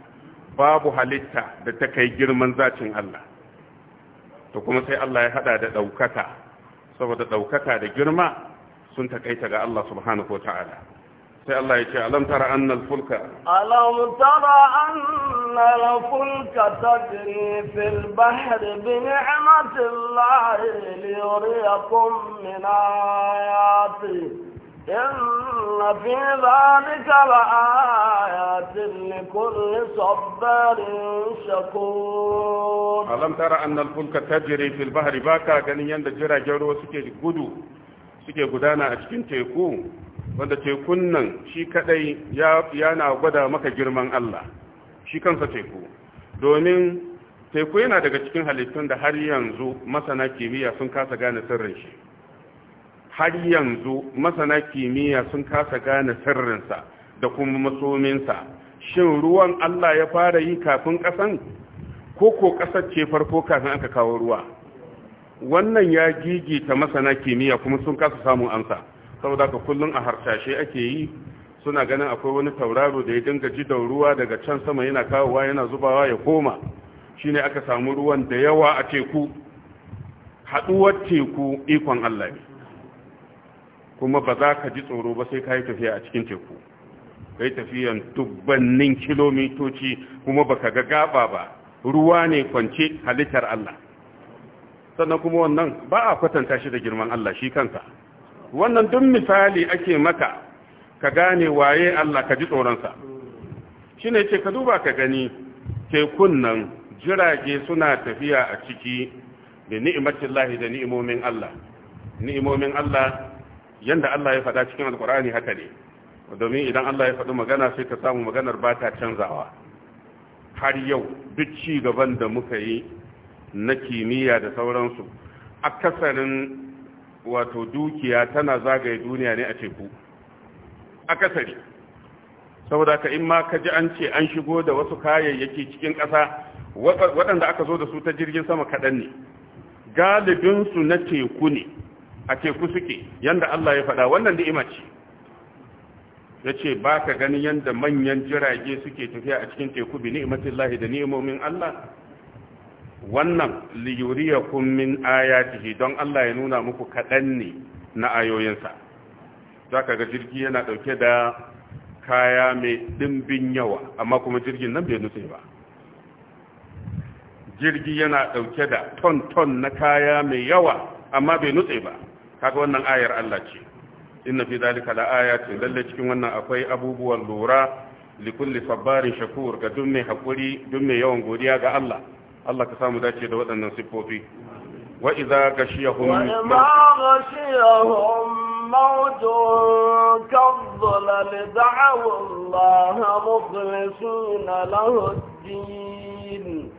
babu halitta da ta kai girman zacin Allah to kuma sai Allah ya hada da ɗaukaka saboda ɗaukaka da girma sun takaita ga Allah subhanahu wa ta'ala sai Allah ya ce alam tara annal fulka alam tara annal fulka tajri fil bahri bi ni'matillahi liyuriyakum min ayatihi إن في ذلك لآيات لكل صبار شكور ألم ترى أن الفلك تجري في البحر باكا كان يندجر جرو سكي قدو سكي قدانا أشكين تيكو wanda tekun nan shi kadai yana gwada maka girman Allah shi kansa teku domin teku yana daga cikin halittun da har yanzu masana kimiyya sun kasa gane sirrin shi har yanzu masana kimiyya sun kasa gane sirrinsa da kuma masominsa shin ruwan Allah ya fara yi kafin ƙasan ko ko ƙasar ce farko kafin aka kawo ruwa wannan ya gigita masana kimiyya kuma sun kasa samun amsa saboda ka kullum a harsashe ake yi suna ganin akwai wani tauraro da ya dinga ji jidan ruwa daga can sama yana kawowa yana zubawa ya koma shine aka samu ruwan da yawa a teku haduwar teku ikon Allah ne kuma ba za ka ji tsoro ba sai ka yi tafiya a cikin teku kai tafiyan dubbannin kilomitoci kuma baka ga gaba ba ruwa ne kwance halittar Allah sannan kuma wannan ba a kwatanta shi da girman Allah shi kansa wannan duk misali ake maka ka gane waye Allah ka ji tsoronsa shi ne ce ka duba ka gani tekun nan jirage suna tafiya a ciki da ni'imacin lahi da ni'imomin Allah ni'imomin Allah yanda Allah ya faɗa cikin Alƙur'ani haka ne domin idan Allah ya faɗi magana sai ka samu maganar ba ta canzawa har yau duk ci gaban da muka yi na kimiyya da sauransu akasarin wato dukiya tana zagaye duniya ne a teku akasari saboda ka in ma ka ji an ce an shigo da wasu kayayyaki cikin ƙasa waɗanda aka zo da su ta jirgin sama kaɗan ne galibinsu na teku ne a teku suke yanda Allah ya faɗa wannan ni'ima ce ya ce ba ka ganin yanda manyan jirage suke tafiya a cikin teku bi ni'imatin lahi da ni'imomin Allah wannan kun min ayatihi don Allah ya nuna muku kaɗan ne na ayoyinsa za ka ga jirgi yana ɗauke da kaya mai ɗimbin yawa amma kuma jirgin nan bai nutse ba jirgi yana ɗauke da ton-ton na kaya mai yawa amma bai nutse ba kaga wannan ayar Allah ce inna fi zalika la ayatin lalle cikin wannan akwai abubuwan lura li kulli sabarin shakur ga duk mai hakuri duk mai yawan godiya ga Allah Allah ka samu dace da waɗannan siffofi wa idza gashiyahum موت كالظلل دعوا الله مخلصين له الدين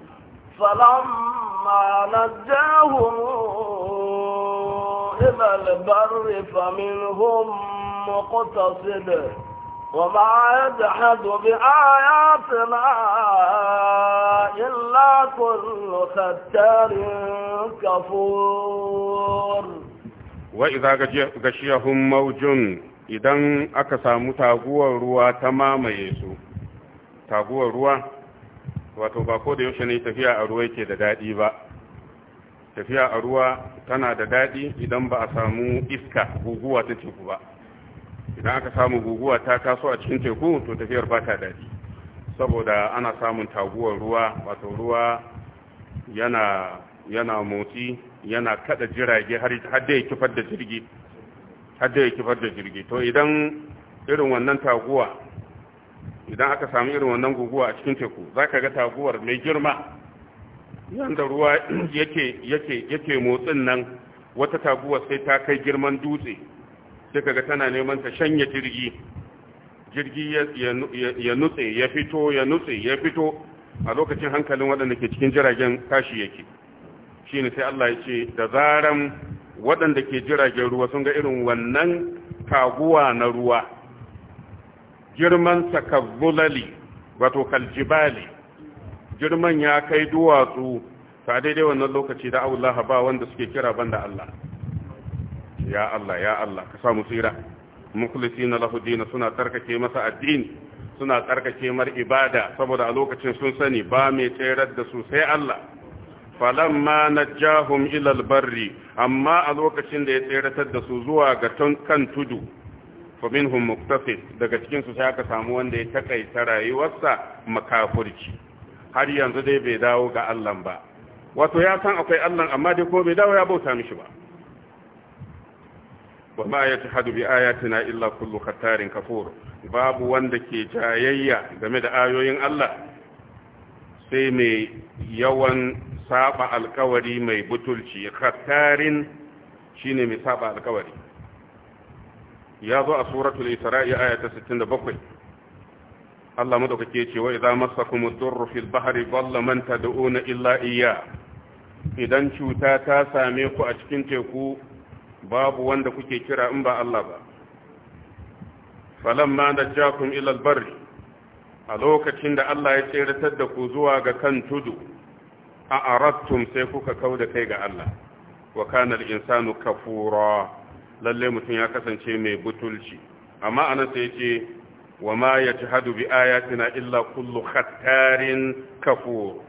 فلما نجاهم من البر فمنهم مقتصد وما يجحد بآياتنا إلا كل ختار كفور وإذا غشيهم موج idan aka samu taguwar ruwa ta mamaye su taguwar ruwa wato ba ko da yaushe ne tafiya a ruwa yake da daɗi ba tafiya a ruwa tana da daɗi idan ba a samu iska guguwa ta teku ba idan aka samu guguwa ta kaso a cikin teku to tafiyar ba ta daɗi saboda ana samun taguwar ruwa wato ruwa yana yana motsi yana kada jirage har da ya kifar da jirgi har da ya kifar jirgi to idan irin wannan taguwa idan aka samu irin wannan guguwa a cikin teku zaka ga taguwar mai girma da ruwa yake yake yake motsin nan wata taguwa sai ta kai girman dutse sai kaga tana neman ta shanya jirgi jirgi ya nutse ya fito ya nutse ya fito a lokacin hankalin waɗanda ke cikin jiragen tashi yake shine sai Allah ya ce da zaran waɗanda ke jiragen ruwa sun ga irin wannan taguwa na ruwa girman sakazzulali wato kaljibali girman ya kai duwatsu ta daidai wannan lokaci da Allah ba wanda suke kira banda Allah ya Allah ya Allah ka samu tsira mukhlisina lahu dinu suna tarkake masa addini suna tsarkake mar ibada saboda a lokacin sun sani ba mai tsayar da su sai Allah falamma najahum ila albarri amma a lokacin da ya tsayar da su zuwa ga kan tudu fa minhum muktasid daga cikin su sai aka samu wanda ya takaita rayuwarsa makafirci har yanzu dai bai dawo ga Allah ba wato ya san akwai Allah amma dai ko bai dawo ya bauta mishi ba wa ma yajhadu bi ayatina illa kullu khattarin kafur babu wanda ke jayayya game da ayoyin Allah sai mai yawan saba alkawari mai butulci khattarin shine mai saba alkawari ya zo a suratul isra'i aya ta 67 Allah madaukake ce wa idza masakum durru fil bahri dalla man tad'una illa iyya idan cuta ta same ku a cikin teku babu wanda kuke kira in ba Allah ba falamma najjakum ila al barri a lokacin da Allah ya tseratar da ku zuwa ga kan tudu a arattum sai kuka kauda kai ga Allah wa kana al insanu kafura lalle mutum ya kasance mai butulci amma anan sai yace wa ma yajhadu bi ayatina illa kullu khattarin kafo.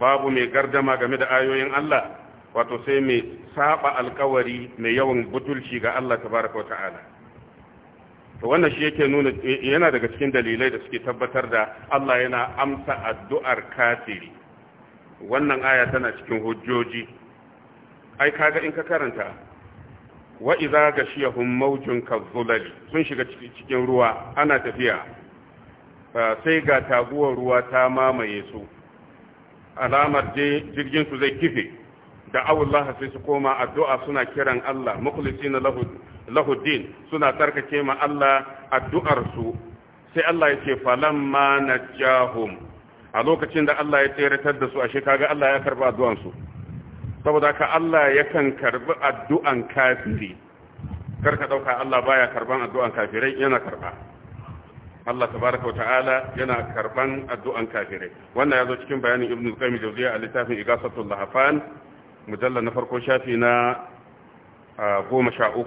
babu mai gardama game da ayoyin Allah wato sai mai saba alkawari mai yawan butulci ga Allah tabaraka wata'ala to wannan shi yake nuna yana daga cikin dalilai da suke tabbatar da Allah yana amsa addu'ar kafiri wannan aya tana cikin hujjoji ai kaga in ka karanta wa idza gashiyahum mawjun kadhulali sun shiga cikin ruwa ana tafiya sai ga taguwar ruwa ta mamaye su alamar je jirgin su zai kife da Allah sai su koma addu'a suna kiran Allah mukhlisina na lahu suna tarkace ma Allah addu'ar su sai Allah ya ce falamma najahum a lokacin da Allah ya tseratar da su ashe kaga Allah ya karba addu'ansu saboda ka Allah yakan karbi addu'an kafiri karka dauka Allah baya karban addu'an kafirai yana karba Allah tabaraka ta'ala yana karban addu'an kafirai wannan yazo cikin bayanin Ibn Qayyim Jawziyya a littafin Igasatul Lahafan, mujallal na farko shafi na 13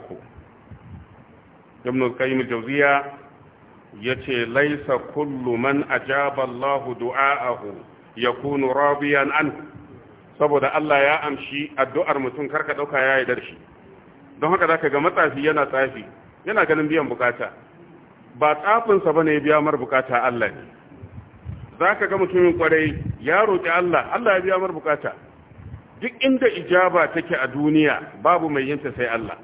Ibn Qayyim Jawziyya yace laisa kullu man ajaba Allah du'aahu yakunu radiyan anhu saboda Allah ya amshi addu'ar mutum kar ka ɗauka ya yi darshi don haka za ka ga matsafi yana tsafi yana ganin biyan bukata ba tsafinsa ba ne biya mar bukata Allah ne za ka ga mutumin kwarai ya roƙi Allah Allah ya biya mar bukata duk inda ijaba take a duniya babu mai yinta sai Allah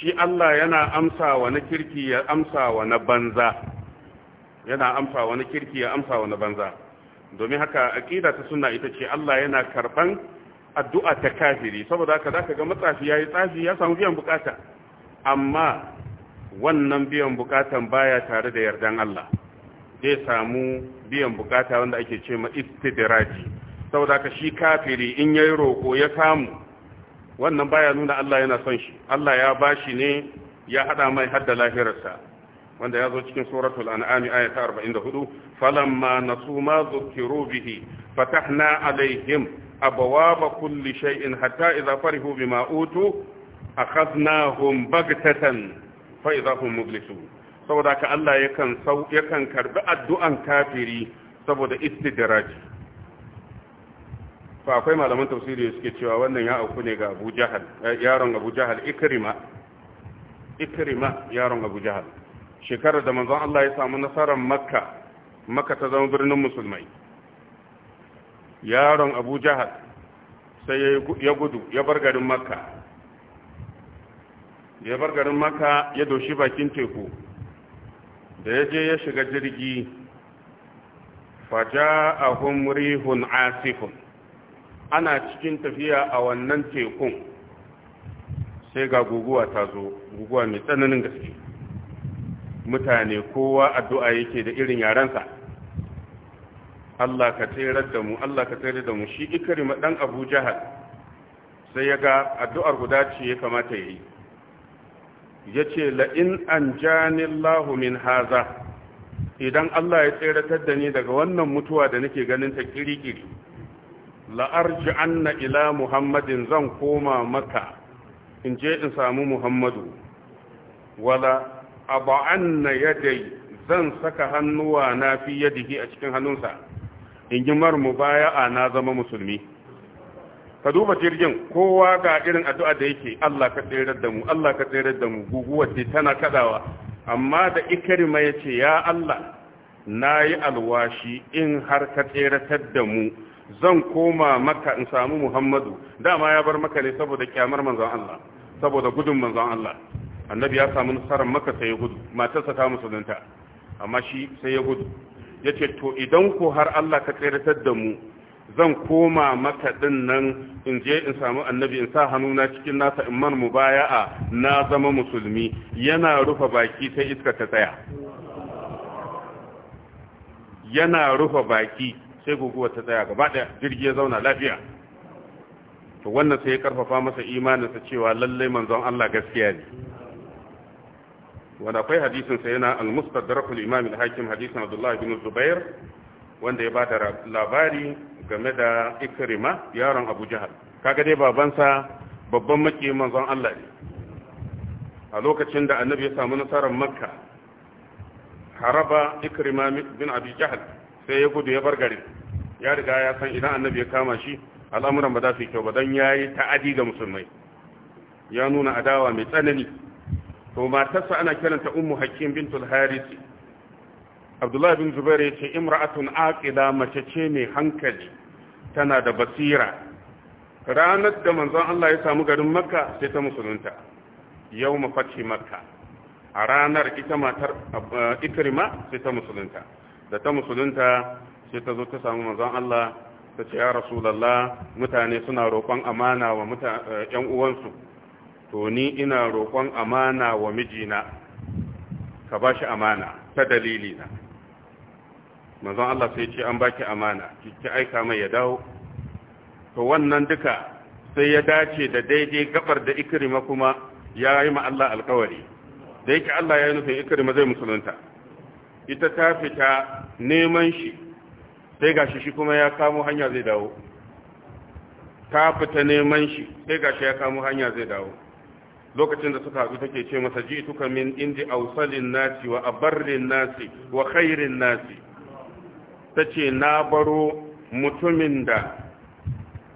shi Allah yana amsa wa na kirki ya amsa wa na banza yana amsa wa na kirki ya amsa wa na banza domin haka aqida ta sunna ita ce Allah yana karban addu'a ta kafiri saboda haka zaka ga matsafi yayi tsafi ya samu biyan bukata amma wannan biyan bukatan baya tare da yardan Allah zai samu biyan bukata wanda ake ce ma istidraji saboda haka shi kafiri in yayi roko ya samu wannan baya nuna Allah yana son shi Allah ya bashi ne ya haɗa mai hadda lahirarsa wanda ya zo cikin suratul an'ami aya ta 44 falamma nasu ma zukiru bihi fatahna alaihim abwaba kulli shay'in hatta idza farihu bima utu akhadnahum bagtatan fa idza hum mublisun saboda ka Allah yakan sau yakan karbi addu'an kafiri saboda istidraji fa akwai malaman tafsiri suke cewa wannan ya auku ne ga Abu Jahal eh, yaron Abu Jahal Ikrima Ikrima yaron Abu Jahal shekarar da manzon Allah ya samu nasarar makka makka ta zama birnin musulmai yaron abu jahal sai ya gudu ya bar garin makka ya bar garin makka ya doshi bakin teku da ya je ya shiga jirgi faja'ahum rihun asifun ana cikin tafiya a wannan tekun sai ga guguwa ta zo guguwa mai tsananin gaske mutane kowa addu'a yake da irin yarensa Allah ka tsirar da mu Allah ka tsirar da mu shi ikrima dan Abu Jahal sai ya ga addu'ar guda ce ya kamata yayi yace la in an Allah min haza idan Allah ya tseratar da ni daga wannan mutuwa da nake ganin ta kirikiri la na ila Muhammadin zan koma maka in je in samu Muhammadu wala na yadai zan saka hannuwa na fi yadihi a cikin hannunsa in yi marmu baya na zama musulmi ka duba jirgin kowa ga irin addu'a da yake Allah ka tsere da mu Allah ka tsere da mu Guguwar da tana kadawa amma da ikrima yace ya Allah nayi alwashi in har ka tsere da mu zan koma maka in samu Muhammadu dama ya bar maka ne saboda kyamar manzon Allah saboda gudun manzon Allah annabi ya samu nasarar maka sai ya gudu matarsa ta musulunta amma shi sai ya gudu ya ce to idan ko har Allah ka tseratar da mu zan koma maka din nan in je in samu annabi in sa hannuna cikin nasa in man mubaya'a na zama musulmi yana rufe baki sai iska ta tsaya yana rufe baki sai guguwa ta tsaya gaba daya jirgi ya zauna lafiya to wannan sai ya karfafa masa imanin sa cewa lallai manzon Allah gaskiya ne wanda akwai hadisin sa yana al-mustadrak al-imam al-hakim hadisin Abdullah ibn Zubair wanda ya bada labari game da Ikrima yaron Abu Jahal kaga dai babansa babban maki manzon Allah ne a lokacin da annabi ya samu nasarar Makka haraba Ikrima bin Abi Jahal sai ya gudu ya bar garin ya riga ya san idan annabi ya kama shi al'amuran ba za su yi kyau ba Dan ya yi ta'adi ga musulmai ya nuna adawa mai tsanani to matarsa ana kiranta ummu hakim bintul haris abdullahi bin zubair ya ce imra'atun aqila mace ce mai hankali tana da basira ranar da manzon Allah ya samu garin makka sai ta musulunta yau mafaci makka a ranar ita matar eh, ikrima sai ta musulunta da ta musulunta sai ta zo ta samu manzon Allah ta ce ya rasulallah mutane suna roƙon amana wa 'yan eh, uwansu to ni ina roƙon amana wa mijina ka ba shi amana ta dalili na manzon Allah sai ce an baki amana ki aika mai ya dawo to wannan duka sai ya dace da daidai gabar da ikrima kuma ya yi ma Allah alkawari da yake Allah ya yi nufin ikrima zai musulunta ita ta fita neman shi sai gashi shi kuma ya kamo hanya zai dawo ta fita neman shi sai gashi ya kamo hanya zai dawo lokacin da suka haɗu take ce masa ji tuka min indi ausalin nasi wa abarrin nasi wa khairin nasi ta ce na baro mutumin da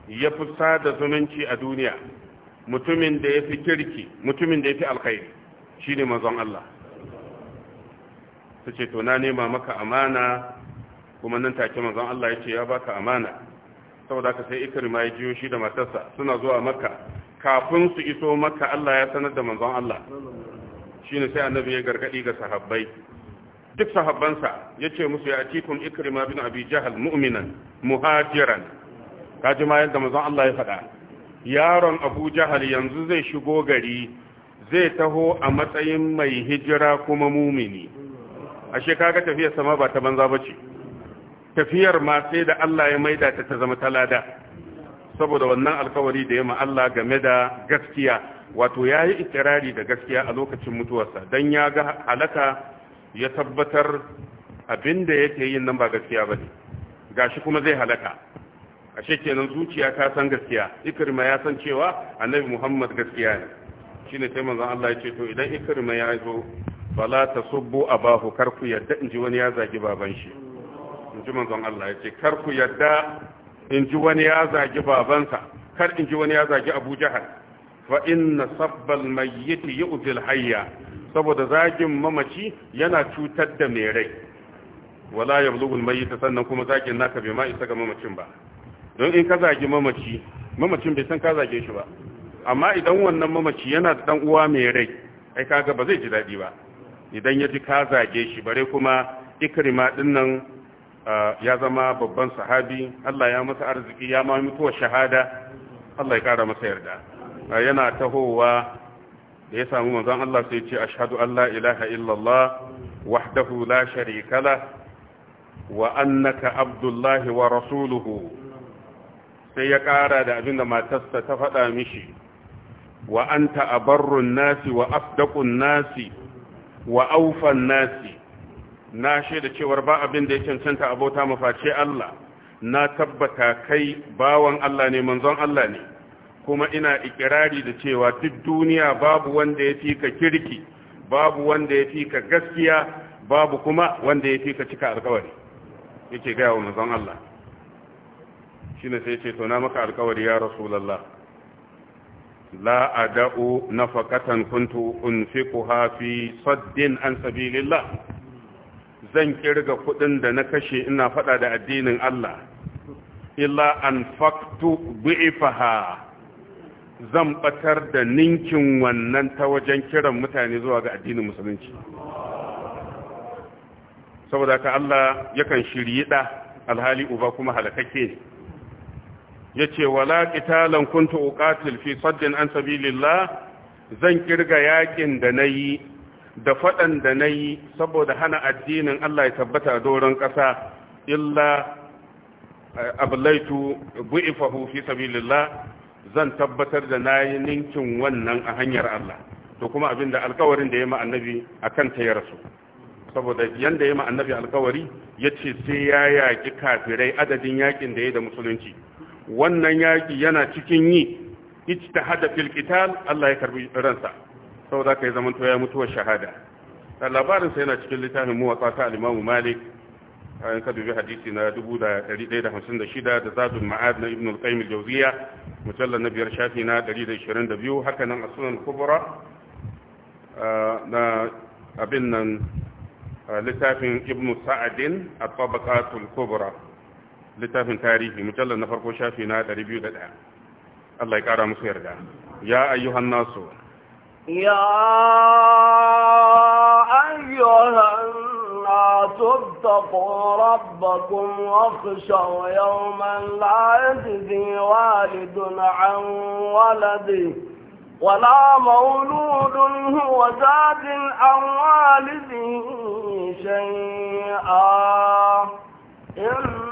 ya fi sada zumunci a duniya mutumin da ya fi kirki mutumin da ya fi alkhairi shi ne mazan Allah ta ce to na nema maka amana kuma nan take mazan Allah ya ce ya baka amana saboda ka sai ikirma ya jiyo shi da matarsa suna zuwa maka kafin su iso maka Allah ya sanar da manzon Allah shine sai annabi ya gargadi ga sahabbai duk sahabbansa yace ce musu ya atikum ikrima bin abi jahal mu'minan muhajiran kaji ma yanda manzon Allah ya faɗa yaron abu jahal yanzu zai shigo gari zai taho a matsayin mai hijira kuma mumini ashe kaga tafiyar sama ba ta banza bace tafiyar ma sai da Allah ya maida ta ta zama talada saboda wannan alkawari da ya ma Allah game da gaskiya wato ya yi ikirari da gaskiya a lokacin mutuwarsa don ya ga halaka ya tabbatar abin da yake yin nan ba gaskiya ba ne gashi kuma zai halaka ashe kenan zuciya ta san gaskiya ikirma ya san cewa annabi muhammad gaskiya ne shi ne sai manzon Allah ya ce to idan ikirma ya zo ta fala a abahu karku yadda ji wani ya zagi baban shi in ji manzon Allah ya ce karku yadda in ji wani ya zagi babansa kar in ji wani ya zagi abu jahal fa inna sabbal mayyiti yu'zil hayya saboda zagin mamaci yana cutar da mai rai wala yablughul mayyit sannan kuma zagin naka bai ma isa ga mamacin ba don in ka zagi mamaci mamacin bai san ka zage shi ba amma idan wannan mamaci yana da dan uwa mai rai ai kaga ba zai ji dadi ba idan ya ji ka zage shi bare kuma ikrima dinnan ya zama babban sahabi Allah ya masa arziki ya ma mutuwa shahada Allah ya kara masa yarda yana tahowa da ya samu manzon Allah sai ce ashhadu an la ilaha illallah wahdahu la sharika la wa annaka abdullahi wa rasuluhu sai ya kara da abinda matarsa ta faɗa mishi wa anta abarrun nasi wa afdaqun nasi wa awfan nasi na shaida cewar ba abin da ya cancanta abota maface Allah na tabbata kai bawan Allah ne manzon Allah ne kuma ina ikirari da cewa duk duniya babu wanda ya fi ka kirki babu wanda ya fi ka gaskiya babu kuma wanda ya fi ka cika alkawari yake gaya wa manzon Allah shi ne sai ce to na maka alkawari ya rasulallah la ada'u nafaqatan kuntu unfiquha fi saddin an sabilillah zan kirga kudin da na kashe ina fada da addinin Allah illa an faktu bi'ifaha zan batar da ninkin wannan ta wajen kiran mutane zuwa ga addinin musulunci saboda ka Allah yakan shiryi da alhali uba kuma halakake yace wala qitalan kuntu uqatil fi saddin an sabilillah zan kirga yakin da nayi da faɗan da na yi saboda hana addinin Allah ya tabbata a doron ƙasa illa eh, ablaitu bu'ifahu fi sabilillah zan tabbatar da na yi ninkin wannan a hanyar Allah to kuma abin da alkawarin da ya ma annabi a ta ya rasu saboda yanda ya ma annabi alkawari ya ce sai ya yaƙi kafirai adadin yaƙin da ya da musulunci wannan yaƙi yana cikin yi ijtihada fil qital Allah ya karbi ransa saboda kai zaman to ya mutuwar shahada labarin sa yana cikin littafin muwatsa ta al-Imam Malik an ka dubi hadisi na 1156 da Zadul Ma'ad na Ibn al-Qayyim al-Jawziyya mujallal na biyar shafi na 122 haka nan as-Sunan Kubra na abin nan littafin Ibn Sa'adin at-Tabaqatul Kubra littafin tarihi mujallal na farko shafi na 201 Allah ya kara musu yarda ya ayyuhan nasu يا أيها الناس اتقوا ربكم واخشوا يوما لا يجزي والد عن ولده ولا مولود هو زاد عن والده شيئا إن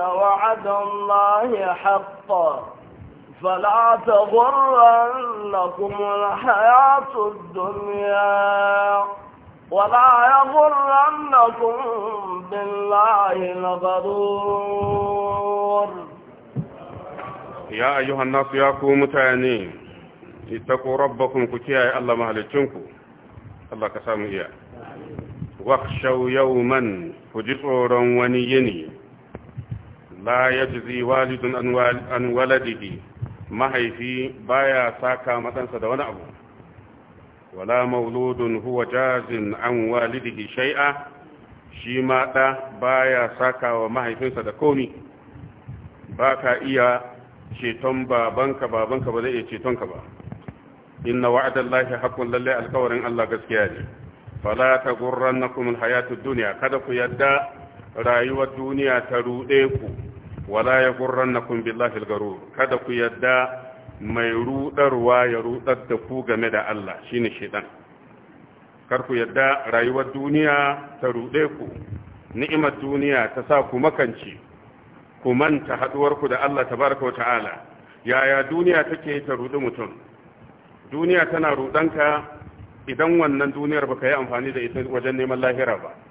وعد الله حقا فلا تغرنكم الحياة الدنيا ولا يغرنكم بالله الغرور يا أيها الناس يا قوم تاني اتقوا ربكم كتيا الله مهلكنكم الله كسامي إياه واخشوا يوما فجسور ونيني لا يجزي والد عن ولده mahaifi baya saka matsansa da wani abu wala mauludun huwa jazin an walidihi shay'a shi ma da baya saka wa mahaifinsa da komi ba ka iya ceton babanka babanka ba zai iya cetonka ba inna wa'adallahi haqqun lalle alkawarin Allah gaskiya ne fala tagurrannakum alhayatud dunya kada ku yadda rayuwar duniya ta rude ku wala ya gurrannakum billahi al kada ku yadda mai rudarwa ya rudar da ku game da Allah shine shedan kar ku yadda rayuwar duniya ta rude ku ni'imar duniya ta sa ku makanci ku manta haɗuwarku da Allah tabaraka ta'ala yaya duniya take ta rudi mutum duniya tana rudanka idan wannan duniyar baka yi amfani da ita wajen neman lahira ba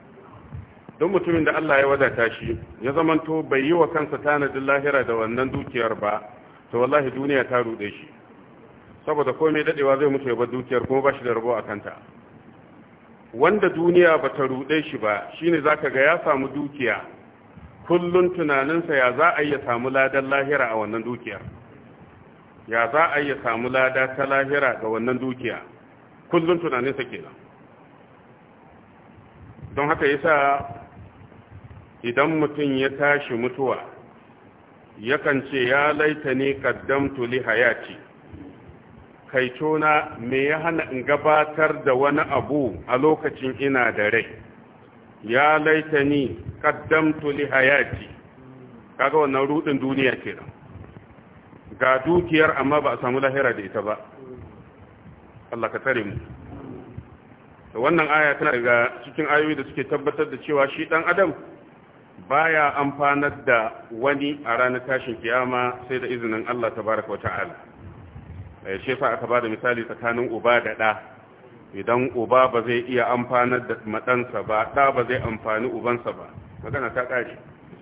don mutumin da Allah ya wadata shi ya zamanto bai yi wa kansa tanadin lahira da wannan dukiyar ba to wallahi duniya ta rude shi saboda ko komai dadewa zai mutu ya bar dukiyar kuma ba shi da rabo a kanta wanda duniya ba ta rude shi ba shine zaka ga ya samu dukiya kullun tunaninsa ya za a yi ya samu ladan lahira a wannan dukiyar ya za a yi samu lada ta lahira ga wannan dukiya kullun tunaninsa kenan don haka yasa idan mutum ya tashi mutuwa yakan ce ya laita ne kaddamtu li hayati kai tona me ya hana in gabatar da wani abu a lokacin ina da rai ya laita ni kaddamtu li hayati kaga wannan rudin duniya kenan ga dukiyar amma ba a samu lahira da ita ba Allah ka tare mu wannan aya tana daga cikin ayoyi da suke tabbatar da cewa shi dan adam baya amfanar da wani a ranar tashin kiyama sai da izinin Allah Ta baraka wa ta'ala ce eh, fa aka ba da misali tsakanin uba da ɗa idan uba ba zai iya amfanar da madansa ba ɗa ba zai amfani ubansa ba magana ta ƙare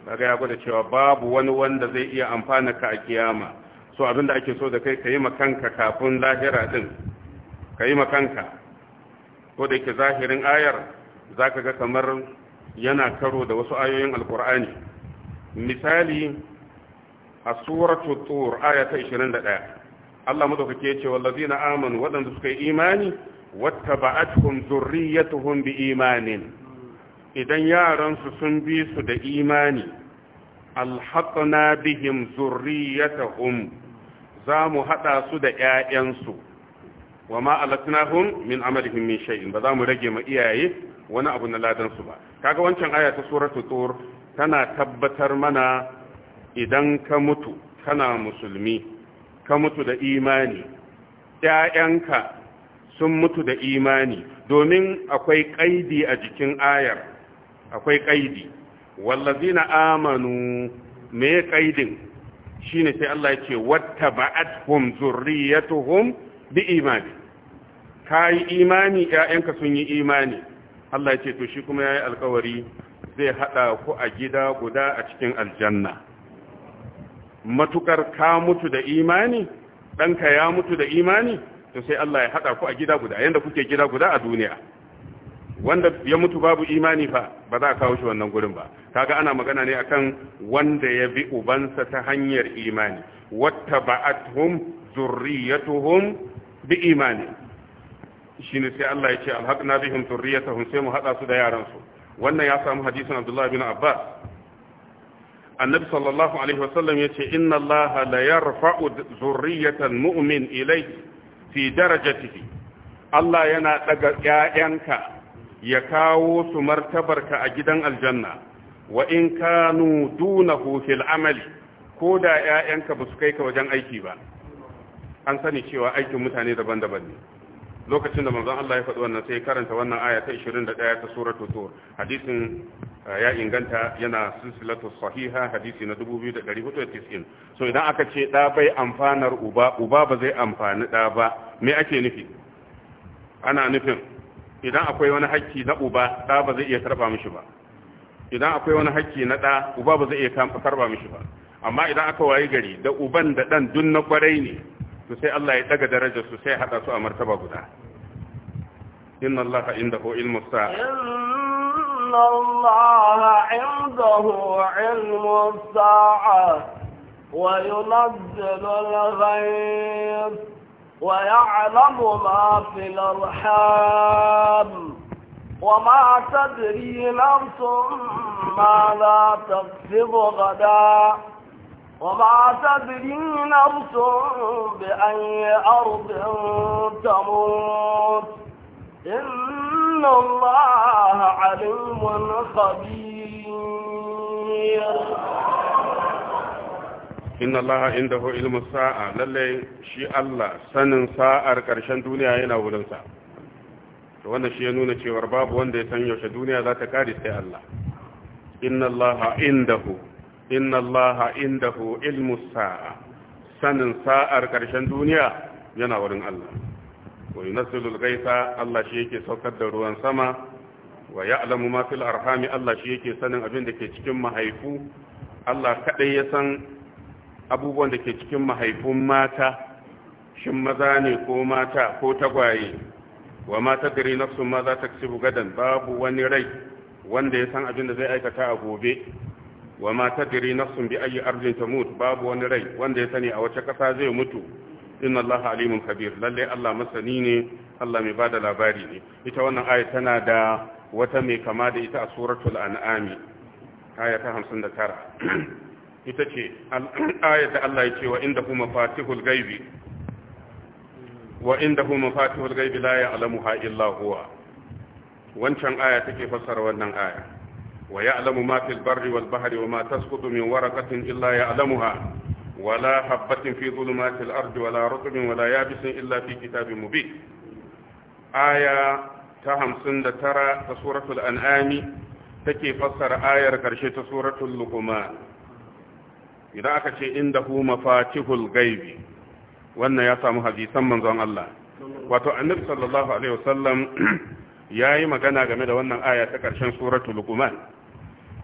kaga ya gwada cewa babu wani wanda zai iya amfana ka a kiyama so abin abinda ake so da kai ka kayi makanka kafin lahira din kayi makanka ko da yake zahirin ayar za ka ga kamar yana karo da wasu ayoyin alkur'ani misali a suratul tur aya ta 21 Allah madaukake ya ce wallazina amanu wadanda suka yi imani wattaba'atuhum zurriyyatuhum biimanin idan yaran su sun bi su da imani alhaqna bihim zurriyyatuhum za mu hada su da ƴaƴansu wa ma alatnahum min amalihim min shay'in ba za mu rage ma iyaye wani abu na ladan su ba kaga wancan aya ta suratu tur tana tabbatar mana idan ka mutu kana musulmi ka mutu da imani ƴaƴanka sun mutu da imani domin akwai kaidi a jikin ayar akwai kaidi wallazina amanu me kaidin shine sai Allah ya ce zurriyatuhum bi imani ka yi imani ‘ya'yanka sun yi imani Allah ce to shi kuma ya yi alkawari zai haɗa ku a gida guda a cikin aljanna matukar ka mutu da imani ɗanka ya mutu da imani to sai Allah ya haɗa ku a gida guda yadda kuke gida guda a duniya wanda ya mutu babu imani fa ba za a kawo shi wannan gurin ba kaga ana magana ne akan wanda ya bi ubansa ta hanyar imani wata ba'athum zurriyatuhum bi imani shine sai Allah ya ce alhaqna bihim dhurriyyatahum sai mu hada su da yaransu wannan ya samu hadisin Abdullah bin Abbas annabi sallallahu alaihi wasallam yace inna Allah la yarfa'u dhurriyyatan mu'min ilayhi fi darajatihi Allah yana ɗaga 'ya'yanka ya kawo su martabarka a gidan aljanna wa in kanu dunahu fil amali ko da 'ya'yanka ba su kai ka wajen aiki ba an sani cewa aikin mutane daban-daban ne lokacin da manzon Allah ya faɗi wannan sai karanta wannan aya ta 21 ta suratul tur hadisin uh, ya inganta yana silsilatu sahiha hadisi na 2490 so idan aka ce da bai amfanar uba uba ba zai amfani da ba me ake nufi ana nufin idan akwai wani hakki na uba da ba zai iya karba mishi ba idan akwai wani hakki na da uba ba zai iya karba mishi ba amma idan aka waye gari da uban da dan dun na kwarai ne to sai Allah ya daga daraja su sai hada su a martaba guda inna Allah indahu ilmu sa'a inna Allah indahu ilmu sa'a wa yunzilu al-ghayb wa ya'lamu ma fil arham wa ma tadri nafsun ma la tasbu ghadan وما تدري نفس بأي أرض تموت إن الله عليم خبير إن الله عنده علم الساعة للي شي الله سنن ساعة كرشان دنيا هنا ولن ساعة wannan shi ya nuna cewar babu wanda ya san yaushe duniya za ta kare sai Allah inna Allah indahu inna inda indahu ilmu sa'a sanin sa'ar ƙarshen duniya yana wurin Allah wa yunazzilu al-ghaitha Allah shi yake saukar da ruwan sama wa ya'lamu ma fil arhami Allah shi yake sanin abin da ke cikin mahaifu Allah kadai ya san abubuwan da ke cikin mahaifun mata shin maza ne ko mata ko tagwaye wa ma tadri nafsun ma za ta gadan babu wani rai wanda ya san abin da zai aikata a gobe wa ma tadri nafsun bi ayi ardin tamut babu wani rai wanda ya sani a wace kasa zai mutu inna allaha alimun kabir lalle allah masani ne allah mai bada labari ne ita wannan aya tana da wata mai kama da ita a suratul an'ami aya ta 59 ita ce ayat da allah ya ce wa inda huma fatihul ghaibi wa inda hu mafatihul gaibi la ya'lamuha illa huwa wancan aya take fassara wannan aya ويعلم ما في البر والبحر وما تسقط من ورقة إلا يعلمها ولا حبة في ظلمات الأرض ولا رطب ولا يابس إلا في كتاب مبين آية تهم سند ترى سورة الأنعام تكي فسر آية كرشة سورة اللقمان إذا أكشي عنده مفاتيح الغيب وأن يسام حديثا من ظن الله وتو النبي صلى الله عليه وسلم ya yi magana game da wannan aya ta ƙarshen suratu lukuman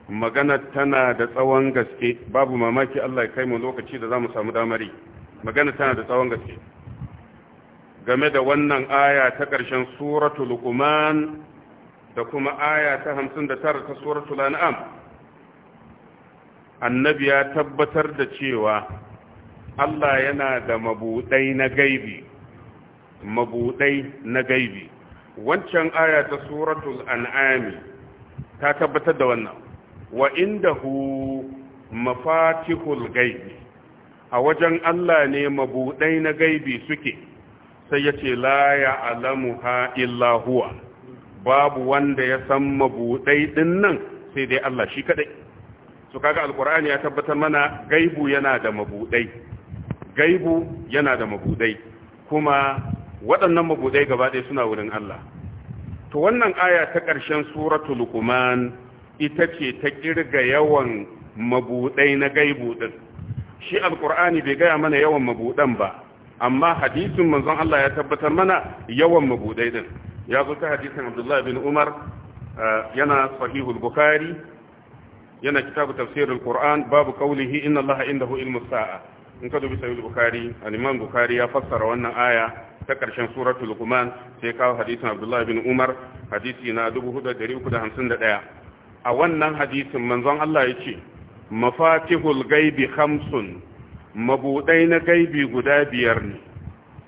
magana tana da tsawon gaske babu mamaki Allah ya kai mu lokaci da zamu samu damari magana tana da tsawon gaske game da wannan aya ta ƙarshen suratul luqman da kuma aya ta 59 ta suratul an'am annabi ya tabbatar da cewa Allah yana da mabudai na gaibi mabudai na gaibi wancan aya ta suratul an'ami ta tabbatar da wannan wa indahu mafatihul gaibi a wajen Allah ne mabudai na gaibi suke sai ya ce la illa huwa babu wanda ya san mabudai din nan sai dai Allah shi kadai su kaga alqur'ani ya tabbatar mana gaibu yana da mabudai gaibu yana da mabudai kuma waɗannan mabudai gaba ɗaya suna wurin Allah to wannan aya ta ƙarshen suratul luqman ita ce ta kirga yawan mabuɗai na gaibu din shi alqur'ani bai gaya mana yawan mabuɗan ba amma hadisin manzon Allah ya tabbatar mana yawan mabuɗai din ya zo ta hadisin Abdullah bin Umar eh, yana sahihul bukhari yana kitabu tafsirul qur'an babu qawlihi inna allaha indahu ilmus sa'a in ka dubi sahih bukhari al-imam bukhari ya fassara wannan aya ta karshen suratul luqman sai kawo hadisin abdullahi bin umar hadisi na 4351 a wannan hadisin manzon Allah ya ce mafatihul gaibi hamsun mabudai na gaibi guda biyar ne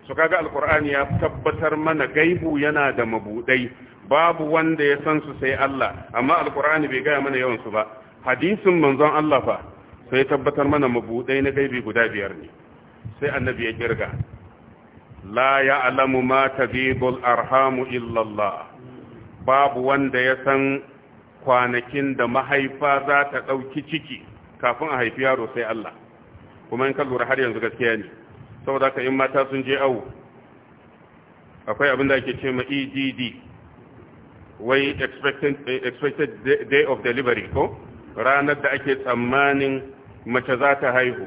su kaga alkur'ani ya tabbatar mana gaibu yana da mabudai babu wanda ya san su sai Allah amma alkur'ani bai gaya mana yawan su ba hadisin manzon Allah fa sai tabbatar mana mabudai na gaibi guda biyar ne sai annabi ya kirga la ya'lamu ma tabidul arhamu illa Allah babu wanda ya san kwanakin da mahaifa za ta ɗauki ciki kafin a haifi yaro sai Allah kuma in ka lura har yanzu gaskiya ne saboda ka in mata sun je awu, akwai abin da ake ce ma EDD wai expected day of delivery ko ranar da ake tsammanin mace za ta haihu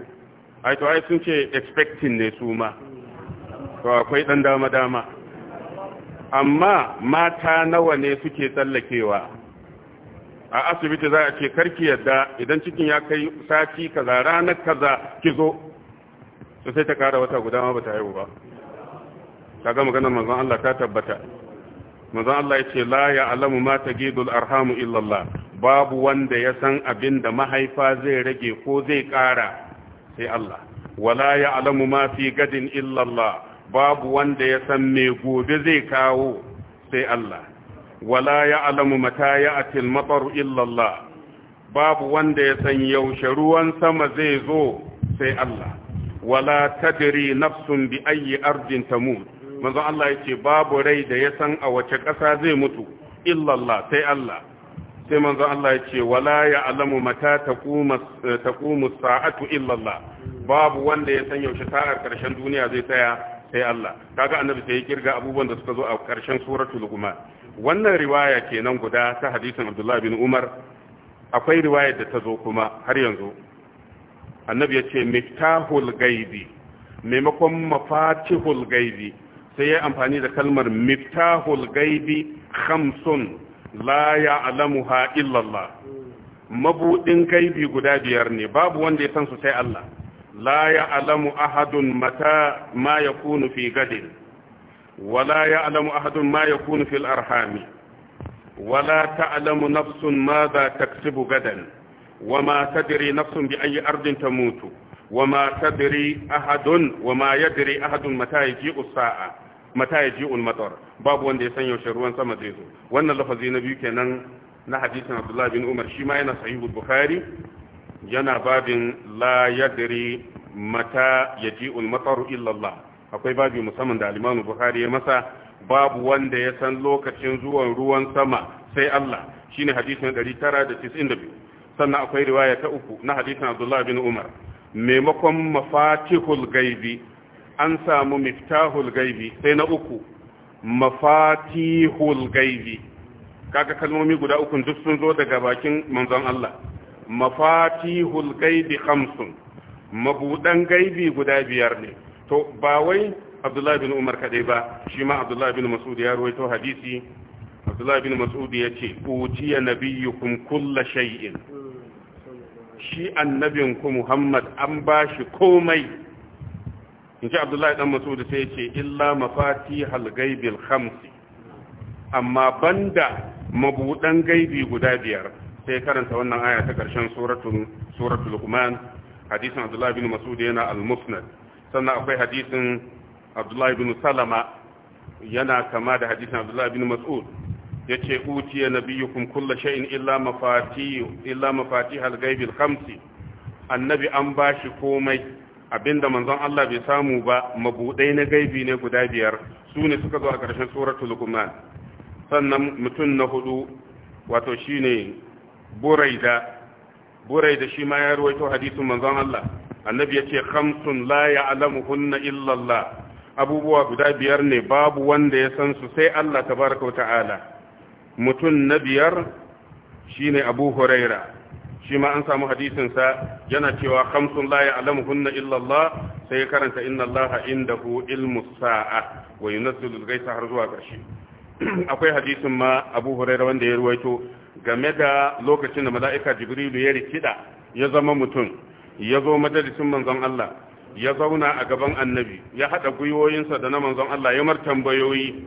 ai to ai sun ce expecting ne su ma to akwai dan dama dama amma mata nawa ne suke tsallakewa a asibiti za a ce karki yadda idan cikin ya kai sati kaza ranar kaza ki zo su sai ta kara wata guda ma ba ta haihu ba ta ga maganar manzon Allah ta tabbata manzon Allah ya ce la ya alamu ma tagidul arhamu illallah babu wanda ya san abin da mahaifa zai rage ko zai kara sai Allah wala ya alamu ma fi gadin illallah babu wanda ya san me gobe zai kawo sai Allah wala ya alamu mata ya atil matar illa Allah babu wanda ya san yaushe ruwan sama zai zo sai Allah wala tadri nafsun bi ayyi ardin tamut manzo Allah yace babu rai da ya san a wace ƙasa zai mutu illa Allah sai Allah sai manzo Allah yace wala ya alamu mata taqumu taqumu sa'atu illa Allah babu wanda ya san yaushe sa'ar karshen duniya zai tsaya sai Allah kaga annabi sai ya kirga abubuwan da suka zo a karshen suratul luqman wannan riwaya kenan guda ta hadisin abdullahi bin umar akwai riwayar da ta zo kuma har yanzu annabi ya ce miftahul gaibi maimakon mafatihul gaibi sai ya amfani da kalmar miftahul gaibi khamsun la ya'lamuha illa Allah mabudin gaibi guda biyar ne babu wanda ya san su sai Allah la ya'lamu ahadun mata ma yakunu fi gadin ولا يعلم أحد ما يكون في الأرحام ولا تعلم نفس ماذا تكسب غدا وما تدري نفس بأي أرض تموت وما تدري أحد وما يدري أحد متى يجيء الساعة متى يجيء المطر باب وان دي سن يوشي روان سما ديزو وان لفظي نبي كنن نا حديث عبد الله بن عمر شي ما ينا صحيح البخاري ينا باب لا يدري متى يجيء المطر إلا الله akwai babi musamman da alimanu buhari ya masa babu wanda ya san lokacin zuwan ruwan sama sai Allah shine hadisin 992 sannan akwai riwaya ta uku na hadisin Abdullah bin Umar maimakon mafatihul gaibi an samu miftahul gaibi sai na uku mafatihul gaibi kaga kalmomi guda uku duk sun zo daga bakin manzon Allah mafatihul gaibi khamsun mabudan gaibi guda biyar ne to ba wai abdullahi bin umar kadai ba shi ma abdullahi bin mas'ud ya ruwaito hadisi abdullahi bin mas'ud ya ce ujiya nabiyyukum kulla shay'in shi annabinku muhammad an ba shi komai in ji abdullahi dan mas'ud sai ya ce illa mafatihal ghaibil khamsi amma banda mabudan gaibi guda biyar sai karanta wannan aya ta karshen suratul suratul luqman hadisin abdullahi bin mas'ud yana al-musnad sannan akwai hadisin abdullahi salama yana kama da hadisin abdullahi bin mas'ud ya ce utiya nabiyukum kulla shay'in illa shain illa mafatihal ghaibil khamsi annabi an ba shi komai abinda manzon Allah bai samu ba mabuɗai na gaibi ne guda biyar su ne suka zo a ƙarshen suratul luqman sannan mutum na hudu wato shine buraida buraida shi ma ya ruwaito hadisin manzon Allah annabi yace khamsun la ya'lamuhunna illa Allah abubuwa guda biyar ne babu wanda ya san su sai Allah tabaraka ta'ala mutun na biyar shine Abu Huraira shi ma an samu hadisin sa yana cewa khamsun la ya'lamuhunna illa Allah sai karanta inna Allah indahu ilmu sa'a wa yunzilu al-ghaytha har zuwa ƙarshe akwai hadisin ma abu huraira wanda ya ruwaito game da lokacin da mala'ika jibrilu ya rikida ya zama mutum ya zo majalisin manzon Allah ya zauna a gaban annabi ya haɗa gwiwoyinsa da na manzon Allah ya mar tambayoyi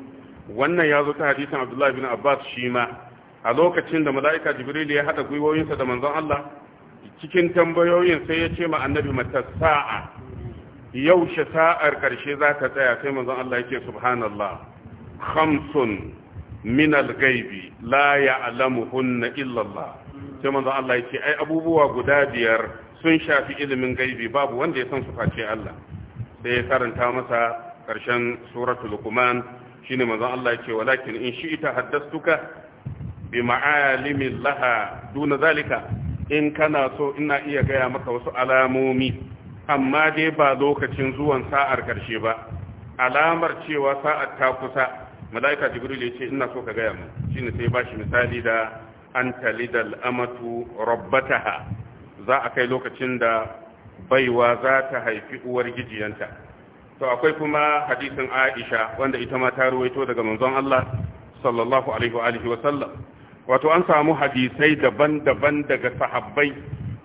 wannan ya zo ta hadisin Abdullahi bin Abbas shi ma a lokacin da mala'ika Jibril ya haɗa gwiwoyinsa da manzon Allah cikin tambayoyin sai ya ce ma annabi mata sa'a yaushe sa'ar ƙarshe za ta tsaya sai manzon Allah yake subhanallah khamsun min al-ghaibi la ya'lamuhunna illa Allah sai manzon Allah yake ai abubuwa guda biyar sun shafi ilimin gaibi babu wanda ya san su face Allah sai ya karanta masa ƙarshen suratul luqman shine manzon Allah ya ce walakin in shi'ita haddastuka bi ma'alimin laha duna zalika in kana so ina iya gaya maka wasu alamomi amma dai ba lokacin zuwan sa'ar karshe ba alamar cewa sa'ar ta kusa mala'ika jibril ya ce ina so ka gaya min shine sai shi misali da an talidal amatu rabbataha za a kai lokacin da baiwa za ta haifi uwar gijiyanta to akwai kuma hadisin Aisha wanda ita ma ta ruwaito daga manzon Allah sallallahu alaihi wa wa sallam wato an samu hadisai daban-daban daga sahabbai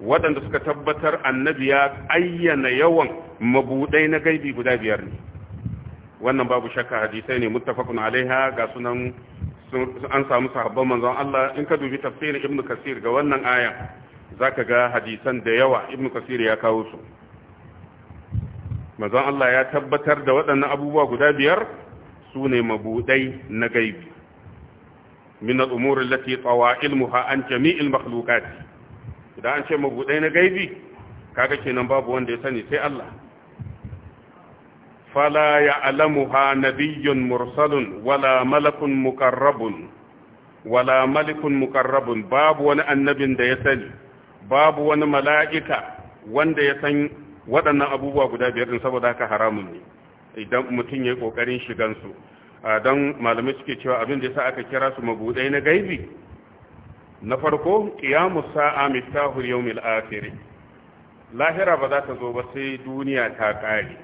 waɗanda suka tabbatar annabi ya ayyana yawan mabuɗai na gaibi guda biyar ne wannan babu shakka hadisai ne muttafaqun alaiha ga sunan an samu sahabban manzon Allah in ka dubi tafsirin Ibn Kasir ga wannan aya zaka ga hadisan da yawa Ibn kasir ya kawo su Maza Allah ya tabbatar da waɗannan abubuwa guda biyar su ne mabudai na gaibi min al-umur allati tawa'ilmuha an jami'il makhluqat idan an ce mabudai na gaibi kaga kenan babu wanda ya sani sai Allah فلا يعلمها نبي مرسل ولا ملك مقرب ولا ملك babu wani annabin da ya sani. babu wani mala'ika wanda ya san waɗannan abubuwa guda biyar din saboda haka haramun ne idan mutum ya yi ƙoƙarin shigansu don malamai suke cewa abin da ya sa aka kira su mabuɗai na gaibi na farko ƙiyamu sa'a yau mil afiri lahira ba za ta zo ba sai duniya ta ƙare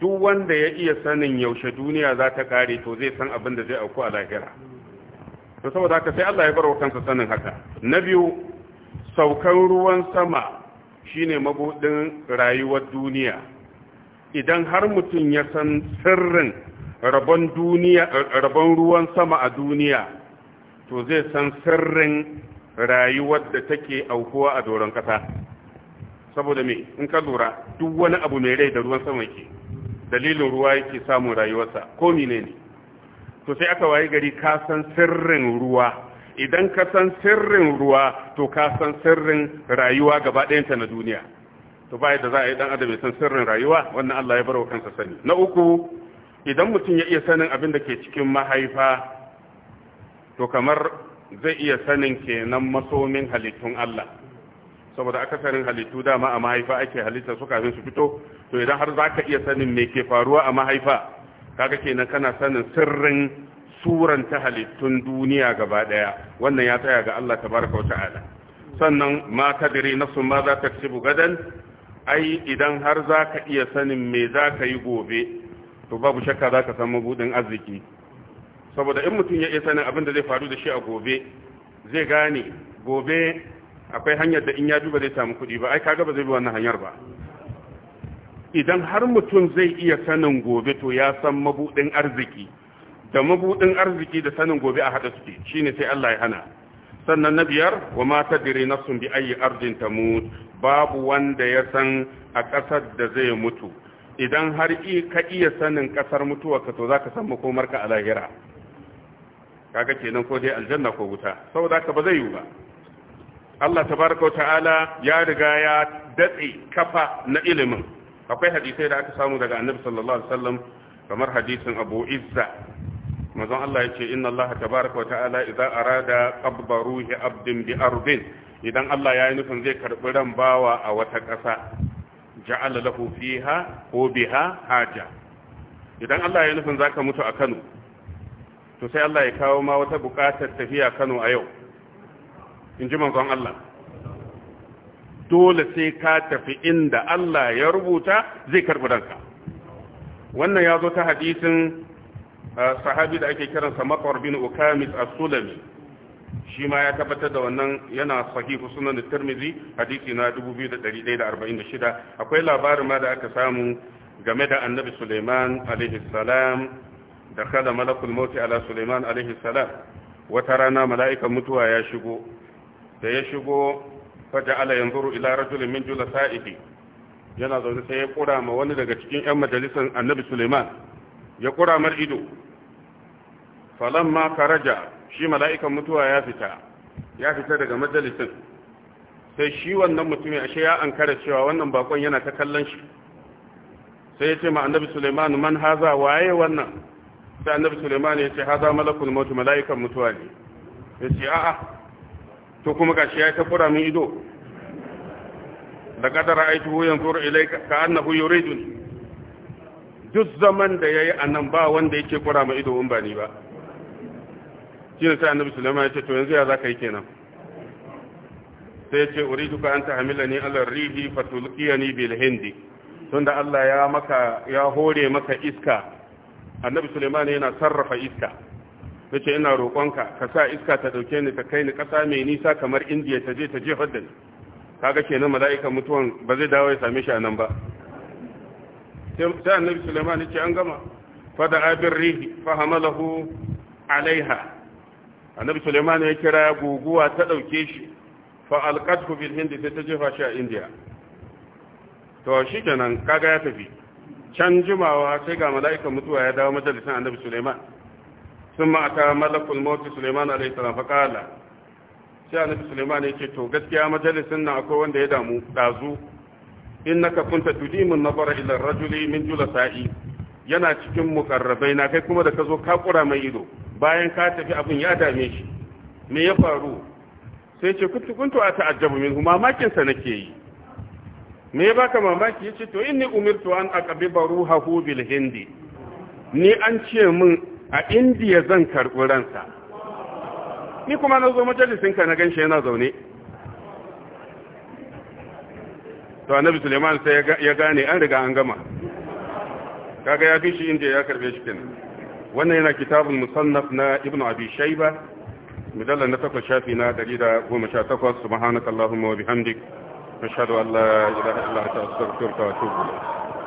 duk wanda ya iya sanin yaushe duniya za ta ƙare to zai san abin da zai auku a lahira to saboda haka sai Allah ya bar wa kansa sanin haka na biyu Saukan ruwan sama shine mabudin rayuwar duniya idan har mutum ya san sirrin rabon duniya rabon ruwan sama a duniya to zai san sirrin rayuwar da take aukuwa a doron kasa saboda me in ka lura duk wani abu mai rai da ruwan sama ke dalilin ruwa yake samun rayuwarsa ko menene? ne to sai aka waye gari ka san sirrin ruwa idan ka san sirrin ruwa to ka san sirrin rayuwa gaba ɗayanta na duniya to ba da za a yi dan adam ya san sirrin rayuwa wannan Allah ya barawa kansa sani na uku idan mutum ya iya sanin abin da ke cikin mahaifa to kamar zai iya sanin kenan masomin halittun Allah saboda aka sanin halittu dama a mahaifa ake halitta su kafin su fito to idan har za ka iya sanin me ke faruwa a mahaifa kaga kenan kana sanin sirrin turanta halittun duniya gaba daya wannan ya tsaya ga Allah tabaraka wa ta'ala sannan ma kadiri nafsu ma za ta kasibu gadan ai idan har za ka iya sanin me za ka yi gobe to babu shakka za ka samu budin arziki saboda in mutum ya iya sanin abin da zai faru da shi a gobe zai gane gobe akwai hanyar da in ya duba zai samu kuɗi ba ai kaga ba zai bi wannan hanyar ba idan har mutum zai iya sanin gobe to ya san mabudin arziki da mabudin arziki da sanin gobe a haɗa suke shine sai Allah ya hana sannan na biyar wa mata tadri nafsun bi ayi ardin tamut babu wanda ya san a kasar da zai mutu idan har ka iya sanin kasar mutuwa ka to ka san makomarka a lahira kaga kenan ko dai aljanna ko wuta saboda ka ba zai yi ba Allah tabaraka ta'ala ya riga ya datse kafa na ilimin akwai hadisai da aka samu daga annabi sallallahu alaihi wasallam kamar hadisin Abu Izza manzon Allah ya ce inna Allah tabaraka wa ta'ala idza arada qabda ruhi abdin bi ardin idan Allah ya yi nufin zai karbi ran bawa a wata ƙasa ja'ala lahu fiha ko biha haja idan Allah ya yi nufin zaka mutu a Kano to sai Allah ya kawo ma wata buƙatar tafiya Kano a yau in ji manzon Allah dole sai ka tafi inda Allah ya rubuta zai karbi ranka wannan ya zo ta hadisin sahabi da ake kiransa matsar bin ukamis as-sulami shi ma ya tabbatar da wannan yana sahihu sunan da tirmidhi hadisi na 2146 akwai labarin ma da aka samu game da annabi suleiman alaihi salam da kada malakul mauti ala suleiman alaihi salam wata rana mala'ikan mutuwa ya shigo da ya shigo ala yanzuru ila rajulin min julasa'ihi yana zaune sai ya kura ma wani daga cikin 'yan majalisar annabi suleiman ya kura mar ido ma karaja shi mala'ikan mutuwa ya fita ya fita daga majalisin sai shi wannan mutumin ashe ya ankara cewa wannan bakon yana ta kallon shi sai ya ce ma annabi suleiman man haza waye wannan sai annabi suleiman ya ce haza malakul maut mala'ikan mutuwa ne ya ce a'a to kuma gashi ya ta kura min ido da kadara aitu yanzuru ilayka ka annahu yuriduni duk zaman da yayi anan ba wanda yake kura ma ido in ba ni ba shi ne sai annabi sulaiman ya ce to yanzu ya zaka yi kenan sai ya ce uriduka an tahmilani ala rihi fatulqiyani bil hindi tunda Allah ya maka ya hore maka iska annabi sulaiman yana sarrafa iska yace ina roƙonka ka sa iska ta dauke ni ta kai ni ƙasa mai nisa kamar indiya ta je ta je kaga kenan mala'ikan mutuwan ba zai dawo ya same shi a nan ba sai annabi Sulaiman yake an gama fada abin rihi fa hamalahu alaiha annabi Sulaiman ya kira guguwa ta dauke shi fa alqadhu bil hindi sai ta jefa shi a India to kenan kaga ya tafi can jimawa sai ga mala'ika mutuwa ya dawo majalisin annabi Sulaiman ثم malakul ملك الموت سليمان salam fa qala sai annabi Suleiman yake ce to gaskiya majalisin nan akwai wanda ya damu dazu innaka kunta tudimun nazara ila rajuli min julasa'i yana cikin mukarrabai na kai kuma da kazo zo ka kura mai ido bayan ka tafi abin ya dame shi me ya faru sai ce kuntu kuntu a ta'ajjabu huma makin sa nake yi me ya baka mamaki yace to inni umirtu an aqbiba ruhahu bil hindi ni an ce min a indiya zan karɓi ransa ni kuma na zo majalisinka na ganshi yana zaune to annabi suleiman sai ya gane an riga an gama kaga ya fi shi inda ya karbe shi kenan wannan yana kitabun musannaf na ibn abi shayba mujallal na takwas shafi na 118 subhanakallahumma wa bihamdik nashhadu an la ilaha illa anta astaghfiruka wa atubu ilayk